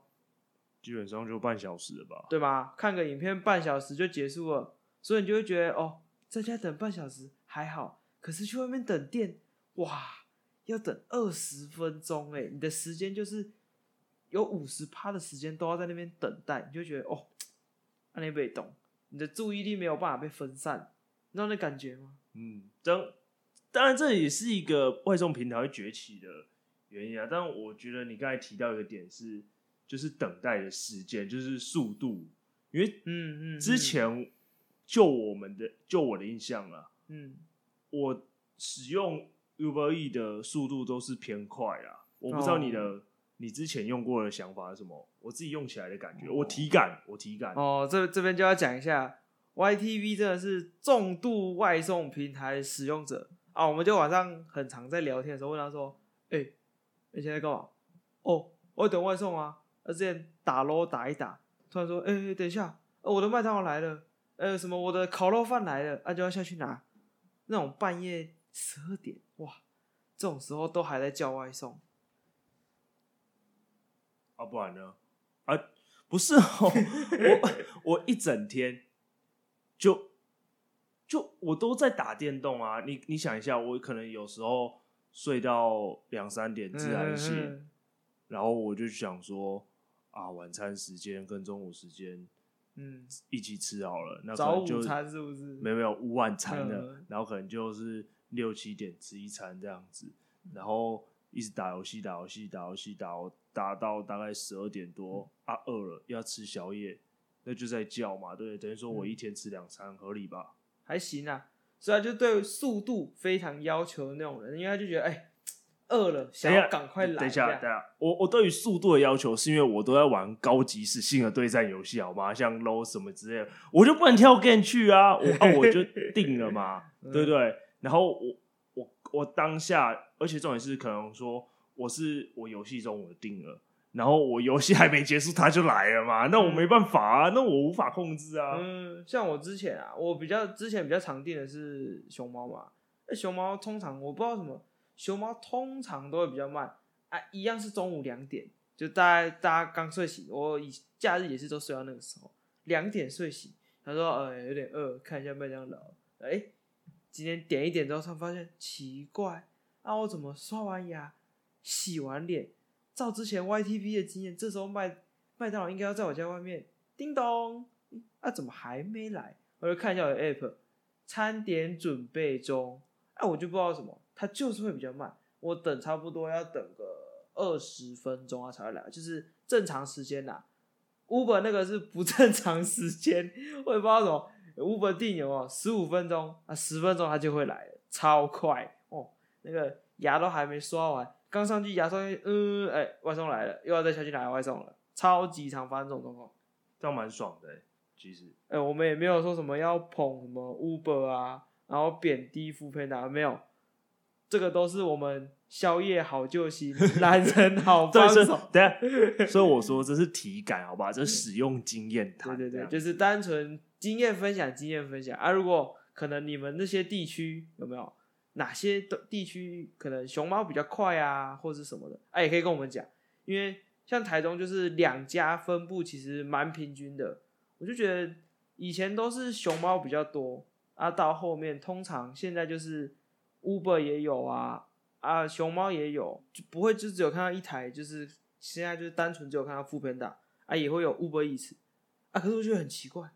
基本上就半小時了吧？對吧？看個影片半小時就結束了，所以你就會覺得哦。在家等半小時還好，可是去外面等店哇，要等二十分鐘哎、欸！你的時間就是有五十趴的時間都要在那邊等待，你就覺得哦，那被動，你的注意力沒有辦法被分散，你知道那感覺嗎？嗯，當當然這也是一個外送平台崛起的原因啊。但我覺得你剛才提到一個點是，就是等待的時間，就是速度，因為嗯，嗯嗯，之前。就我們的，就我的印象啦。嗯，我使用 Uber E 的速度都是偏快啊。哦、我不知道你的，你之前用過的想法是什麼？我自己用起來的感覺，哦、我體感，我體感。哦，這這邊就要講一下，YTV 真的是重度外送平台使用者啊。我們就晚上很常在聊天的時候問他說：“哎、欸，你、欸、現在幹嘛？”哦，我等外送啊。他之前打囉打一打，突然說：“哎、欸，等一下，哦、我的麥當勞來了。”還有什麼？我的烤肉飯來了，那、啊、就要下去拿。那種半夜十二點哇，這種時候都還在叫外送。啊不然呢？啊不是哦， 我 我一整天就就我都在打電動啊。你你想一下，我可能有時候睡到兩三點自然醒， 然後我就想說啊，晚餐時間跟中午時間。嗯，一起吃好了。那就早午餐是不是？沒有沒有，午餐的，嗯、然後可能就是六七點吃一餐這樣子，嗯、然後一直打遊戲打遊戲打遊戲打遊戲打，打到大概十二點多、嗯、啊，餓了要吃宵夜，那就在叫嘛。對，等於說我一天吃兩餐，合理吧、嗯？還行啊，所以他就對速度非常要求的那種人，因為他就覺得哎。餓了，想要趕快來。等一下，等一下，我我對於速度的要求，是因為我都在玩高即時性的對戰遊戲，好嗎？像 low 什麼之類的，我就不能跳 game 去啊！ 我啊，我就定了嘛， 對不對？然後我我我當下，而且重點是，可能說我是我遊戲中我定了，然後我遊戲還沒結束，他就來了嘛，嗯、那我沒辦法啊，那我無法控制啊。嗯，像我之前啊，我比較之前比較常定的是熊貓嘛，那熊貓通常我不知道什麼。熊貓通常都會比較慢啊，一樣是中午兩點，就大概大家剛睡醒。我以假日也是都睡到那個時候，兩點睡醒，他說：“呃、欸、有點餓，看一下麥當勞。欸”哎，今天點一點之後，他發現奇怪，啊，我怎麼刷完牙、洗完臉？照之前 YTP 的經驗，這時候麥麥當勞應該要在我家外面。叮咚，啊，怎麼還沒來？我就看一下我的 App，餐點準備中。哎、啊，我就不知道什麼。它就是會比較慢，我等差不多要等個二十分鐘啊才會來，就是正常時間吶、啊。Uber 那個是不正常時間，我也不知道什麼、欸、Uber 定有哦十五分鐘啊，十分鐘它就會來超快哦。那個牙都還沒刷完，剛上去牙刷，嗯，哎、欸，外送來了，又要再下去拿外送了，超級常發生這種狀況。這樣蠻爽的、欸，其實。哎、欸，我們也沒有說什麼要捧什麼 Uber 啊，然後貶低 Foodpanda 啊，沒有。這個都是我們宵夜好救星 男人好幫手 對，對，所,所以我說這是體感好好，好吧？這是使用經驗，對對對，就是單純經驗分享，經驗分享啊。如果可能，你們那些地區有沒有哪些地區可能熊貓比較快啊，或者是什麼的？哎、啊，也可以跟我們講，因為像台中就是兩家分布其實蠻平均的，我就覺得以前都是熊貓比較多啊，到後面通常現在就是。Uber 也有啊，啊，熊貓也有，就不會就只有看到一台，就是現在就是單純只有看到 Foodpanda 啊，也會有 Uber Eats，啊，可是我覺得很奇怪，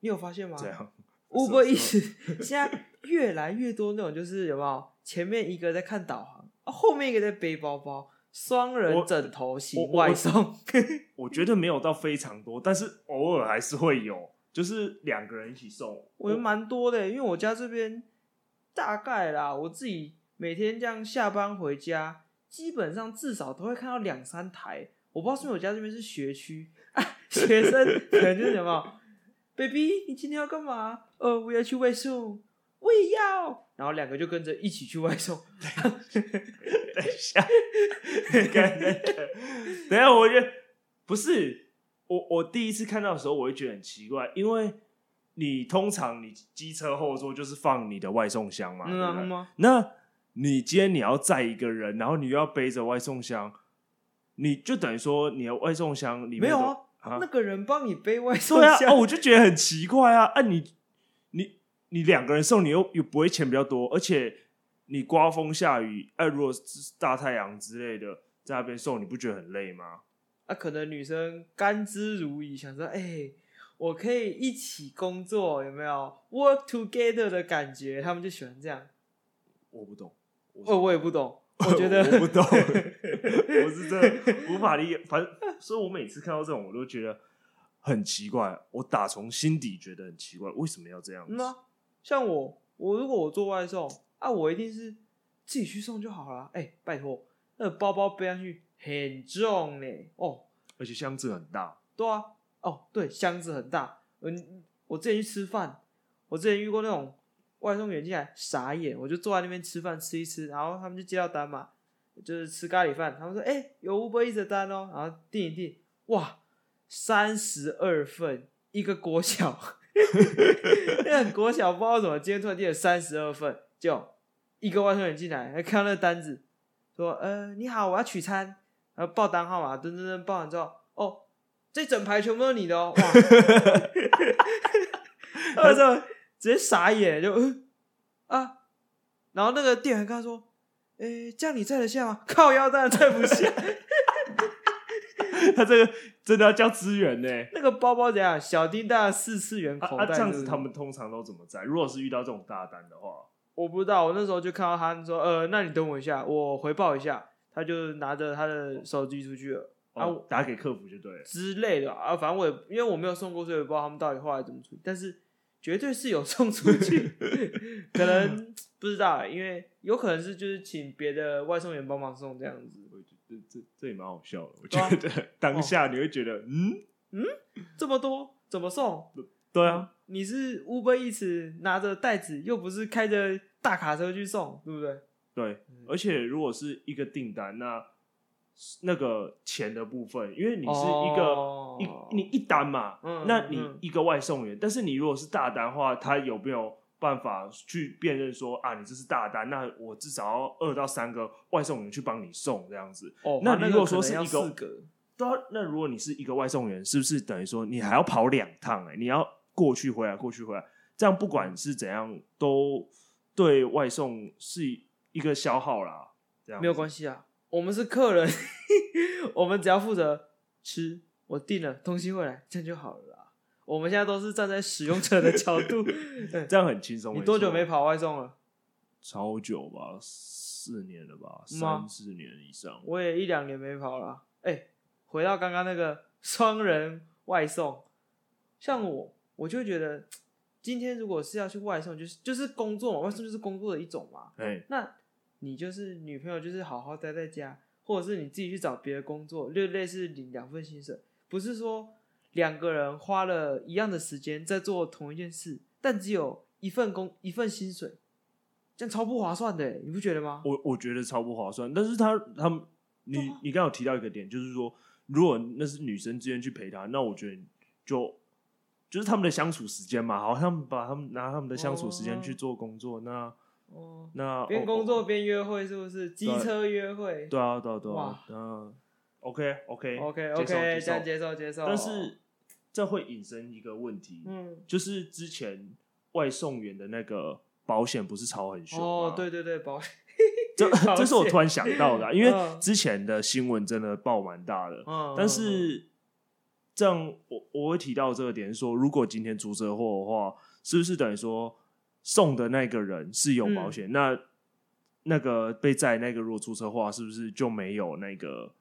你有發現嗎這樣？Uber Eats 現在越來越多那種，就是有沒有前面一個在看導航，啊、後面一個在背包包，雙人枕頭型外送，我我我，我覺得沒有到非常多，但是偶爾還是會有，就是兩個人一起送，我覺得蠻多的、欸，因為我家這邊。大概啦，我自己每天這樣下班回家，基本上至少都會看到兩三台。我不知道是不是我家這邊是學區啊，學生可能就是什麼，baby，你今天要幹嘛？哦、呃，我要去外送，我也要，然後兩個就跟着一起去外送。等一下，等等等，等下我覺得不是我，我第一次看到的時候，我會覺得很奇怪，因為。你通常你機車後座就是放你的外送箱嘛？那嗎？那你今天你要載一個人，然後你又要背着外送箱，你就等於說你的外送箱裡面沒有啊？啊那個人幫你背外送箱、啊、哦、我就覺得很奇怪啊！啊你你你兩個人送，你又又不會錢比較多，而且你刮風下雨，哎、啊，如果是大太陽之類的在那邊送，你不覺得很累嗎？啊，可能女生甘之如饴，想說哎。欸我可以一起工作，有沒有 work together 的感覺？他們就喜歡這樣。我不懂我、哦，我也不懂。我覺得 我不懂， 我是真的 無法理解。反正，所以我每次看到這種，我都覺得很奇怪。我打從心底覺得很奇怪，為什麼要這樣子？那像我，我如果我做外送啊，我一定是自己去送就好了。哎、欸，拜托，那個、包包背上去很重呢、欸。哦，而且箱子很大。對啊。哦，對，箱子很大。嗯，我之前去吃飯，我之前遇過那種外送員進來傻眼，我就坐在那邊吃飯吃一吃，然後他們就接到單嘛，就是吃咖喱飯。他們說，誒，有 Uber Eats 的單哦，然後訂一訂，哇，三十二份一個國小，那個 國小不知道怎麼今天突然訂了三十二份，就一個外送員進來，看到那個單子，說，呃，你好，我要取餐，然後報單號碼，噔噔噔報完之後，哦。這整排全部是你的哦！哇，然後 直接傻眼就啊，然後那個店員跟他說：“誒，這樣你載得下嗎？靠腰當然載不下。” 他這個真的要叫支援呢。那個包包怎樣？小丁帶了四次元口袋是是。那、啊啊、這樣子他們通常都怎麼載？如果是遇到這種大單的話，我不知道。我那時候就看到他們說：“呃，那你等我一下，我回報一下。”他就拿着他的手機出去了。啊，打給客服就對了、啊，之類的啊，反正我也因為我沒有送過，所以我不知道他們到底後來怎麼處理。但是絕對是有送出去， 可能不知道，因為有可能是就是請別的外送員幫忙送這樣子。我覺得這這，這也蠻好笑的，我覺得當下你會覺得，嗯嗯，這麼多怎麼送？對啊，啊，你是烏龜一隻，拿着袋子，又不是開着大卡車去送，對不對？對，而且如果是一個訂單那、啊。那個錢的部分，因為你是一個、哦、一你一單嘛，嗯嗯嗯，那你一個外送員，但是你如果是大單的話，他有沒有辦法去辨認說啊，你這是大單？那我至少要二到三個外送員去幫你送這樣子。哦，那你如果說是一個,、哦、啊、那個可能要四個、都要，那如果你是一個外送員，是不是等於說你還要跑兩趟、欸？哎，你要過去回來，過去回來，這樣不管是怎樣，都對外送是一個消耗啦。這樣子沒有關係啊。我們是客人， 我們只要負責吃，我訂了東西回來，這樣就好了啦。我們現在都是站在使用者的角度， 欸、這樣很輕鬆。你多久沒跑外送了？超久吧，四年了吧，嗯、嗎三四年以上。我也一兩年沒跑了，啊。哎，欸，回到剛剛那個雙人外送，像我，我就覺得今天如果是要去外送，就是就是工作嘛，外送就是工作的一種嘛。欸、那。你就是女朋友，就是好好待在家，或者是你自己去找別的工作，就類似領兩份薪水，不是說兩個人花了一樣的時間在做同一件事，但只有一份工一份薪水，這樣超不划算的欸，你不覺得嗎？我我覺得超不划算，但是他他們你、啊、你剛有提到一個點，就是說如果那是女生之間去陪他，那我覺得就就是他們的相處時間嘛，好像把他們拿他們的相處時間去做工作，Oh. 那。哦，那邊工作邊約會是不是機車約會？對啊，對啊，對啊，嗯，OK，OK，OK，OK，接受接受接受。但是這會引申一個問題，嗯，就是之前外送員的那個保險不是超很凶哦？對對對，保險，這這是我突然想到的，因為之前的新聞真的爆蠻大的。嗯，但是這樣我我會提到這個點，說如果今天出車禍的話，是不是等於說？送的那個人是有保險，嗯、那那個被載那個若出車禍，是不是就沒有那個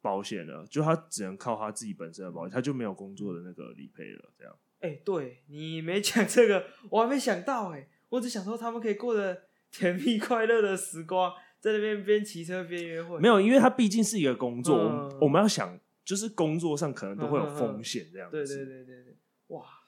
保險了？就他只能靠他自己本身的保險，他就沒有工作的那個理賠了。這樣，哎、欸，對你沒講這個，我還沒想到哎、欸，我只想說他們可以過得甜蜜快樂的時光，在那邊邊騎車邊約會。沒有，因為他畢竟是一個工作，嗯、我們，我們要想就是工作上可能都會有風險這樣子、嗯嗯嗯。對對對對對，哇。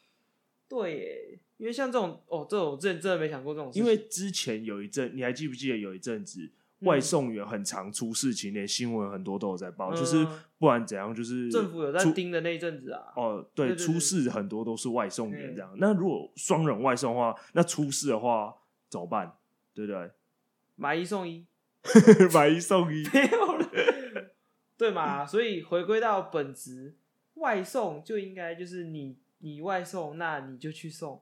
對耶，因為像這種哦，這種我之前真的沒想過這種事情。因為之前有一陣，你還記不記得有一陣子、嗯、外送員很常出事情，連新聞很多都有在報，嗯、就是不然怎樣，就是政府有在盯的那陣子啊。哦，對，對對對出事很多都是外送員這樣。對對對那如果雙人外送的話，那出事的話怎麼辦？對不對？買一送一，買 一送一， 沒有了，對嘛？所以回歸到本職， 外送就應該就是你。你外送，那你就去送，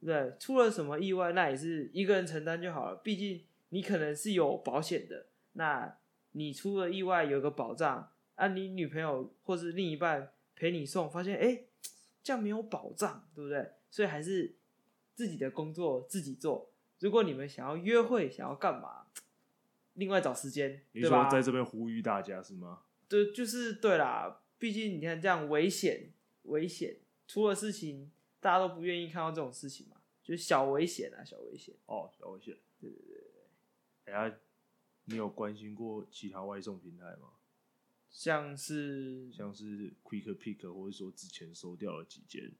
對不對？出了什麼意外，那也是一個人承擔就好了。畢竟你可能是有保險的，那你出了意外有個保障啊。你女朋友或是另一半陪你送，發現誒，這樣沒有保障，對不對？所以還是自己的工作自己做。如果你們想要約會，想要幹嘛，另外找時間，對吧？你說在這邊呼籲大家是嗎？對，就是對啦。畢竟你看這樣危險，危險。出了事情，大家都不願意看到這種事情嘛，就是小危險啊，小危險。哦，小危險。對對對對對。哎、欸啊、你有關心過其他外送平台嗎？像是像是 Quick Pick，或者說之前收掉了幾件。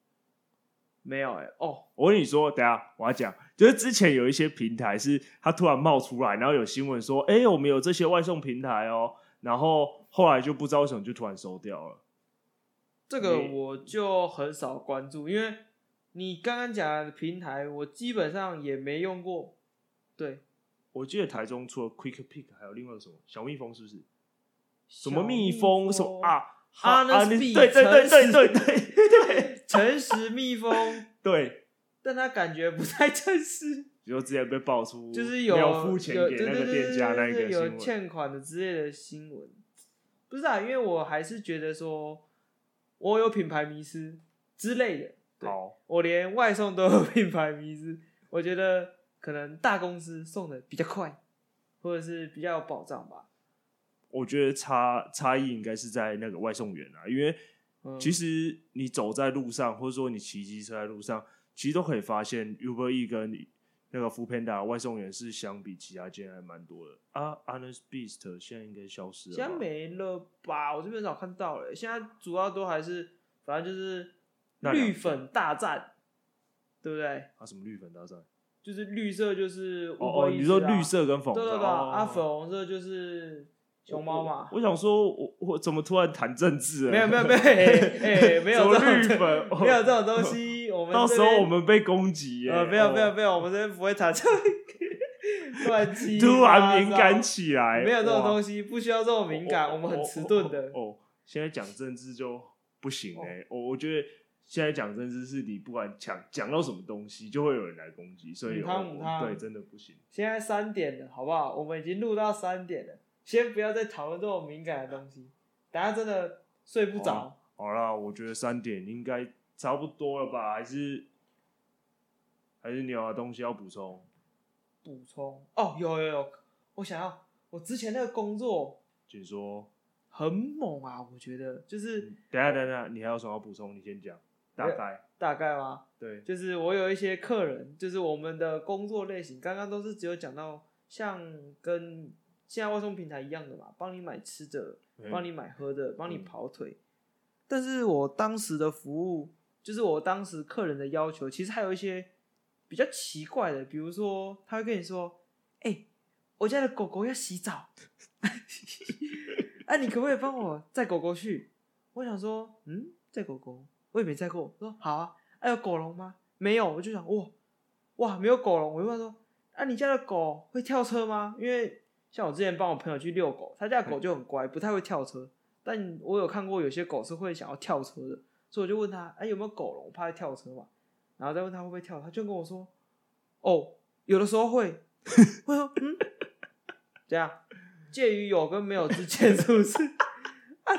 沒有哎、欸。哦，我跟你說，等下我要講，就是之前有一些平台是它突然冒出來，然後有新聞說，哎、欸，我們有這些外送平台哦，然後後來就不知道為什麼就突然收掉了。這個我就很少關注，因為你剛剛講的平台，我基本上也沒用過。對，我記得台中除了 Quick Pick 還有另外什麼小蜜蜂，是不是？什麼蜜蜂？什麼啊啊？對對對對對對對，誠實蜜蜂。對，但他感覺不太真實。比如之前被爆出就是有付錢給那個店家，那個有欠款的之類的新聞。不是啊，因為我還是覺得說。我有品牌迷思之類的，好，對我連外送都有品牌迷思。我覺得可能大公司送得比較快，或者是比較有保障吧。我覺得差差異應該是在那個外送員啊，因為其實你走在路上，或者說你騎機車在路上，其實都可以發現 Uber Eats 跟。那個福胖達的外送員是相比其他間還蠻多的啊，Honest Beast 現在應該消失了，了。現在沒了吧？我這邊很少看到了。欸，現在主要都還是，反正就是綠粉大戰，對不對，欸？啊，什麼綠粉大戰？就是綠色就是，啊，哦，哦，比如說綠色跟粉紅色。啊，對對對，啊，哦，粉紅色就是熊貓嘛我我。我想說我我怎麼突然談政治了？沒有沒有沒有，哎，欸欸，沒有這種， 沒有這種東西。 到時候我們被攻擊，呃，沒有沒有沒有，我們這邊不會產生攻擊，突然突然敏感起來，沒有這種東西，不需要這麼敏感，我們很遲鈍的。哦，現在講政治就不行哎，我我覺得現在講政治是你不管講講到什麼東西，就會有人來攻擊，所以對，真的不行。現在三點了，好不好？我們已經錄到三點了，先不要再討論這麼敏感的東西，大家真的睡不着。好啦，我覺得三點應該。差不多了吧？還是還是你有啊？東西要補充？補充哦，有有有，我想要我之前那個工作，就說很猛啊，我覺得就是。嗯、等下等下，你還有什麼要補充？你先講。大概大概嗎？對，就是我有一些客人，就是我們的工作類型，剛剛都是只有講到像跟現在外送平台一樣的嘛，幫你買吃的，幫你買喝的，幫、嗯、你，你跑腿、嗯。但是我當時的服務。就是我當時客人的要求，其實還有一些比較奇怪的，比如說他會跟你說：“哎、欸，我家的狗狗要洗澡，哎、 啊，你可不可以幫我載狗狗去？”我想說：“嗯，載狗狗我也沒載過。”我說：“好啊。啊”那有狗籠嗎？沒有，我就想：“哇哇，沒有狗籠。”我又問說：“啊，你家的狗會跳車嗎？”因為像我之前幫我朋友去遛狗，他家的狗就很乖，不太會跳車。嗯、但我有看過有些狗是會想要跳車的。所以我就問他，哎、欸，有沒有狗籠？我怕他跳車嘛。然後再問他會不會跳，他就跟我說，哦，有的時候會。我 說，嗯，這樣介於有跟沒有之間，是不是？ 啊，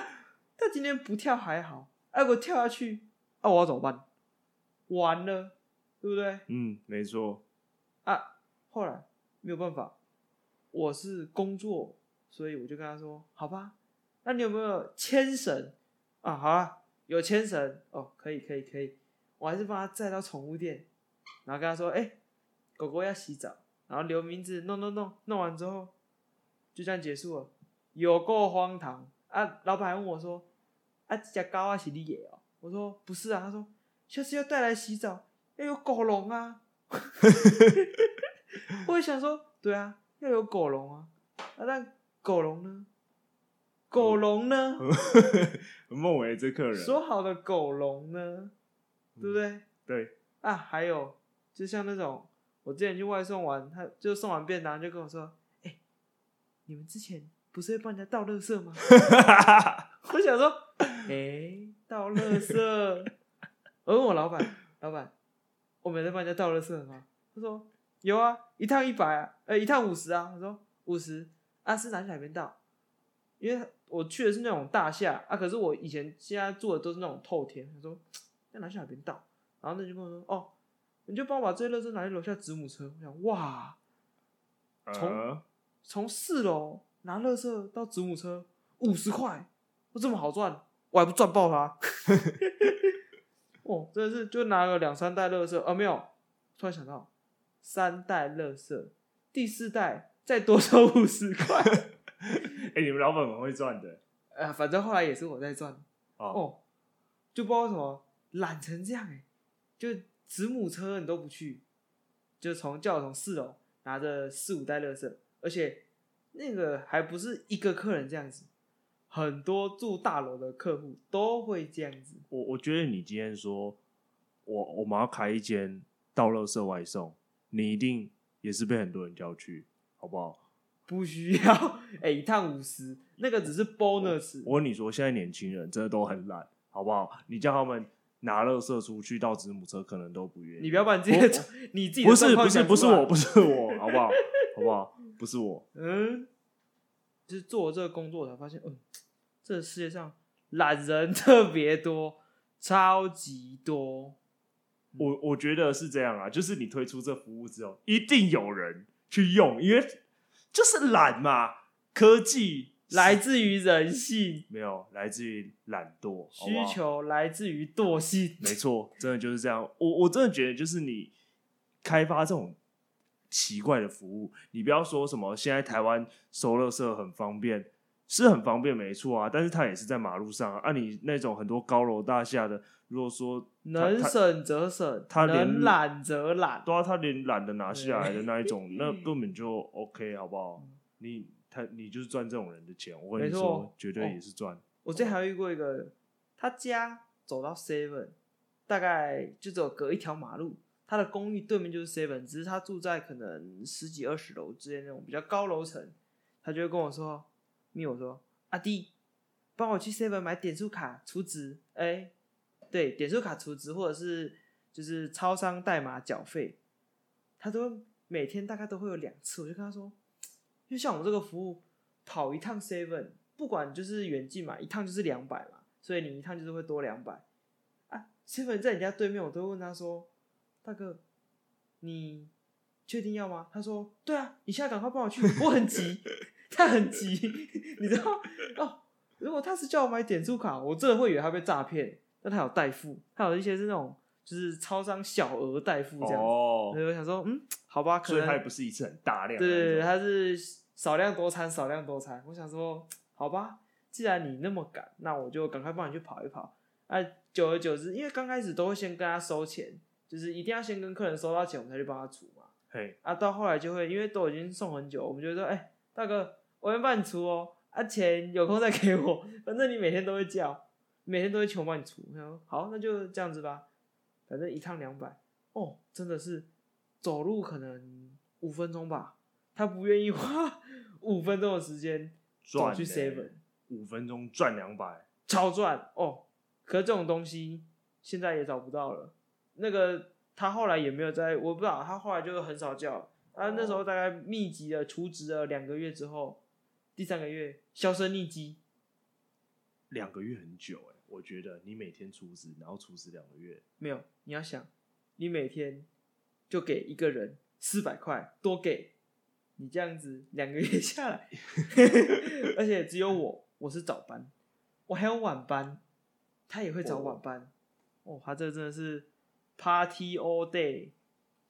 他今天不跳還好，哎，我跳下去，那、啊、我要怎麼辦？完了，對不對？嗯，沒錯。啊，後來沒有辦法，我是工作，所以我就跟他說，好吧，那你有沒有牽繩？啊，好啊。有牽繩哦，可以可以可以，我還是幫他載到寵物店，然後跟他說：“哎、欸，狗狗要洗澡。”然後留名字，弄弄弄，弄完之後就這樣結束了，有夠荒唐啊！老闆還問我說：“啊，這隻狗啊是你的哦、喔？”我說：“不是啊。”他說：“下次要帶來洗澡，要有狗籠啊。 ”我也想說，對啊，要有狗籠啊，啊，但狗籠呢？狗籠呢？孟偉、哦嗯、這客人說好的狗籠呢？對不對？嗯、對啊，還有就像那種我之前去外送完，他就送完便當就跟我說：“哎、欸，你們之前不是會幫人家倒垃圾嗎？”我想說：“哎，倒垃圾？”我問我老闆：“老闆，我們在幫人家倒垃圾嗎？”他說：“有啊，一趟一百啊，哎、欸，一趟五十啊。”他說：“五十啊，是拿去海邊倒？”因為我去的是那種大廈啊，可是我以前現在住的都是那種透天。他說：“要拿去海邊倒。”然後那句跟我說：“哦，你就幫我把這些垃圾拿去樓下子母車。”我想：“哇，從從四樓拿垃圾到子母車，五十塊，我這麼好賺，我還不賺爆他？” 哦，真的是就拿了兩三袋垃圾啊，哦，沒有，突然想到三代垃圾，第四代。再多收五十塊，哎，你們老板會賺的、啊。反正後來也是我在賺。哦，哦，就不知道為什麼懶成這樣子、欸、就子母車你都不去，就從叫我從四樓拿着四五袋垃圾，而且那個還不是一個客人這樣子，很多住大樓的客戶都會這樣子。我我覺得你今天說我我們要開一間倒垃圾外送，你一定也是被很多人叫去。好不好？不需要，哎、欸，一趟五十，那個只是 bonus。我跟你說，現在年輕人真的都很懶，好不好？你叫他們拿垃圾出去到子母車，可能都不願意。你不要把你自己我你自己不是不是不是我不是我，不是我 好不好？好不好？不是我，嗯，就是做了這個工作我才發現，嗯，這世界上懶人特別多，超級多。我我覺得是這樣啊，就是你推出這服務之後，一定有人。去用，因為就是懶嘛。科技來自於人性，沒有來自於懶惰。需求來自於惰性，吧 沒錯，真的就是這樣。我我真的覺得，就是你開發這種奇怪的服務，你不要說什麼，現在台灣收垃圾很方便。是很方便，沒錯啊，但是他也是在馬路上啊。按、啊、你那種很多高樓大廈的，如果說能省則省，他連能懶則懶，對啊，他連懶得拿下來的那一種，嗯、那根本就 OK，好不好？嗯、你他你就是賺這種人的錢，我跟你說，錯絕對也是賺。哦哦、我之前還遇過一個，他家走到 Seven，大概就只有隔一條馬路，他的公寓對面就是 Seven，只是他住在可能十幾二十樓之間那種比較高樓層，他就會跟我說。咪我說阿弟，幫我去 seven 買點數卡儲值。哎，對，點數卡儲值或者是就是超商代碼繳費，他都每天大概都會有兩次，我就跟他說，就像我這個服務跑一趟 seven，不管就是遠近嘛，一趟就是兩百嘛，所以你一趟就是會多兩百。啊，seven 在你家對面，我都問他說，大哥，你確定要嗎？他說，對啊，你現在趕快幫我去，我很急。 他很急，你知道哦？如果他是叫我買點數卡，我真的會以為他被詐騙。但他有代付，他有一些是那種就是超商小額代付這樣子。Oh, 所以我想說，嗯，好吧，可能所以他也不是一次很大量，對對對，他是少量多餐，少量多餐。我想說，好吧，既然你那麼趕，那我就趕快幫你去跑一跑。啊，久而久之，因為剛開始都會先跟他收錢，就是一定要先跟客人收到錢，我們才去幫他儲嘛。嘿，Hey. 啊，到後來就會因為都已經送很久，我們就說，哎、欸，大哥。我先幫你出哦、喔，啊錢有空再給我，反正你每天都會叫，每天都會求我幫你出，然後好，那就這樣子吧，反正一趟兩百、哦，哦真的是，走路可能五分鐘吧，他不願意花分 7,、欸、五分鐘的時間轉去 seven，五分鐘賺兩百，超賺哦，可是這種東西現在也找不到了，那個他後來也沒有在，我不知道他後來就是很少叫，他、啊、那時候大概密集的儲值了兩個月之後。第三個月銷聲匿跡，兩個月很久哎、欸，我覺得你每天出資，然後出資兩個月沒有，你要想，你每天就給一個人四百塊多給，你這樣子兩個月下來， 而且只有我，我是早班，我還有晚班，他也會找晚班，哦，oh. oh, 他這真的是 party all day，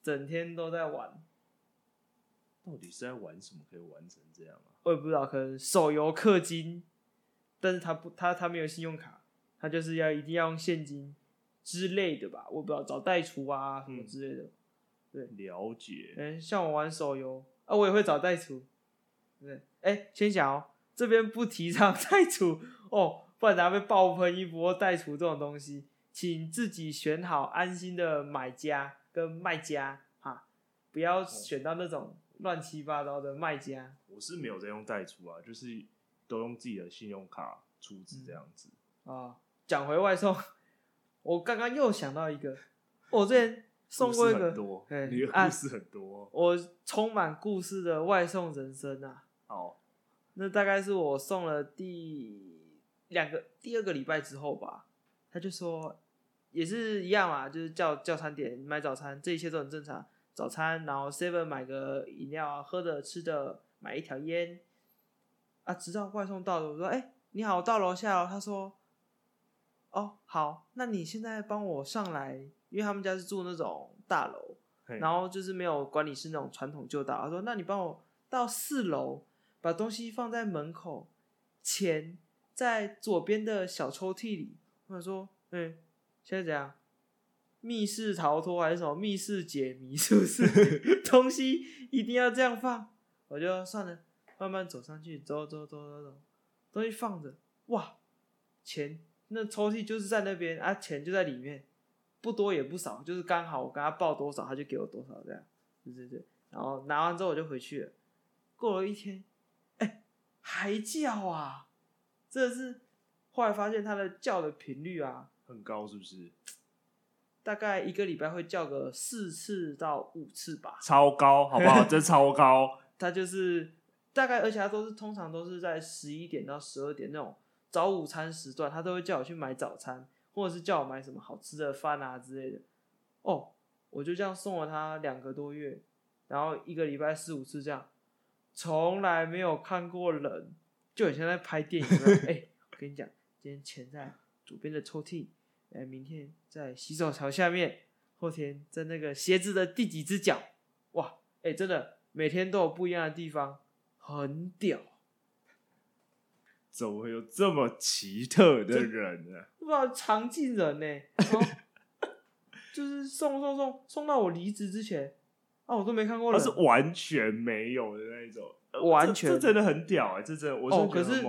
整天都在玩。到底是在玩什麼？可以玩成這樣嗎？啊？我也不知道，可能手遊氪金，但是他不，他他沒有信用卡，他就是要一定要用現金之類的吧？我不知道找代儲啊、嗯、什麼之類的。嗯、對，了解。嗯、欸，像我玩手遊啊，我也會找代儲。對，哎、欸，先想哦，這邊不提倡代儲哦，不然大家被爆噴一波或代儲這種東西，請自己選好安心的買家跟賣家哈，不要選到那種。哦亂七八糟的賣家，我是沒有在用代出啊，就是都用自己的信用卡出資這樣子啊。嗯哦，講回外送，我剛剛又想到一個，我之前送過一個，對，你的故事很多，我充滿故事的外送人生啊。哦好，那大概是我送了第兩個第二個禮拜之後吧，他就說也是一樣嘛，就是叫叫餐點買早餐，這一切都很正常。早餐，然後 seven 買個飲料啊，喝的吃的，買一條菸，啊，直到外送到了，我說，哎、欸，你好，我到樓下哦，他說，哦，好，那你現在幫我上來，因為他們家是住那種大樓，嘿然後就是沒有管理室那種傳統舊道，他說，那你幫我到四樓，把東西放在門口前，在左邊的小抽屜裡，或者說，哎、嗯，現在怎樣？密室逃脫還是什麼密室解謎？是不是 東西一定要這樣放？我就算了，慢慢走上去，走走走走走，東西放着，哇，錢那抽屜就是在那邊啊，錢就在裡面，不多也不少，就是剛好我跟他報多少，他就給我多少這樣，對對對，然後拿完之後我就回去了。過了一天，哎、欸，還叫啊，這是真的，後來發現他的叫的頻率啊很高，是不是？大概一個禮拜會叫個四次到五次吧，超高，好不好？真 超高，他就是大概，而且他都是通常都是在十一點到十二點那種早午餐時段，他都會叫我去買早餐，或者是叫我買什麼好吃的飯啊之類的。哦，我就這樣送了他兩個多月，然後一個禮拜四五次這樣，從來沒有看過人，就很像在拍電影。哎、 欸，我跟你講，今天錢在左邊的抽屜。哎，明天在洗手槽下面，後天在那個鞋子的第幾隻腳？哇，哎、欸，真的每天都有不一樣的地方，很屌。怎麼會有這麼奇特的人呢、啊？哇，常進人呢、欸 哦，就是送送送送到我離職之前啊，我都沒看過，他是完全沒有的那一種，呃、完全這，這真的很屌哎、欸，這真的我是覺、欸哦、可是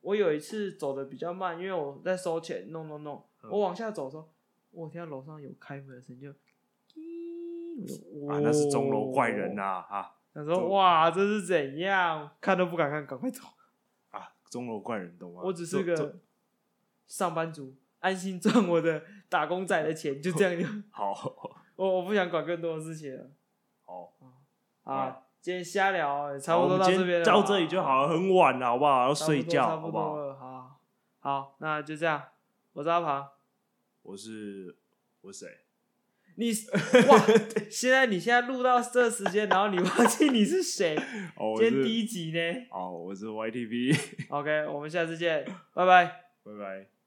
我有一次走的比較慢，因為我在收錢，弄弄弄。我往下走的時候，我聽到樓上有開門的聲音，就，啊，那是鐘樓怪人吶、啊，啊，想說說中哇，這是怎樣？看都不敢看，趕快走！啊，鐘樓怪人懂嗎？我只是個上班族，安心賺我的打工仔的錢，就這樣就 好。我我不想管更多的事情了。好，好啊，今天瞎聊、欸，差不多到這邊了，到這裡就好了，很晚了，好不好？要睡覺，差不多差不多了好不好？好，好，那就這樣，我是阿龐。我是我誰？你哇！現在你現在錄到這時間，然後你忘記你是誰？ 哦、我是今天第一集呢？哦，我是 YTV OK，我們下次見，拜拜，拜拜。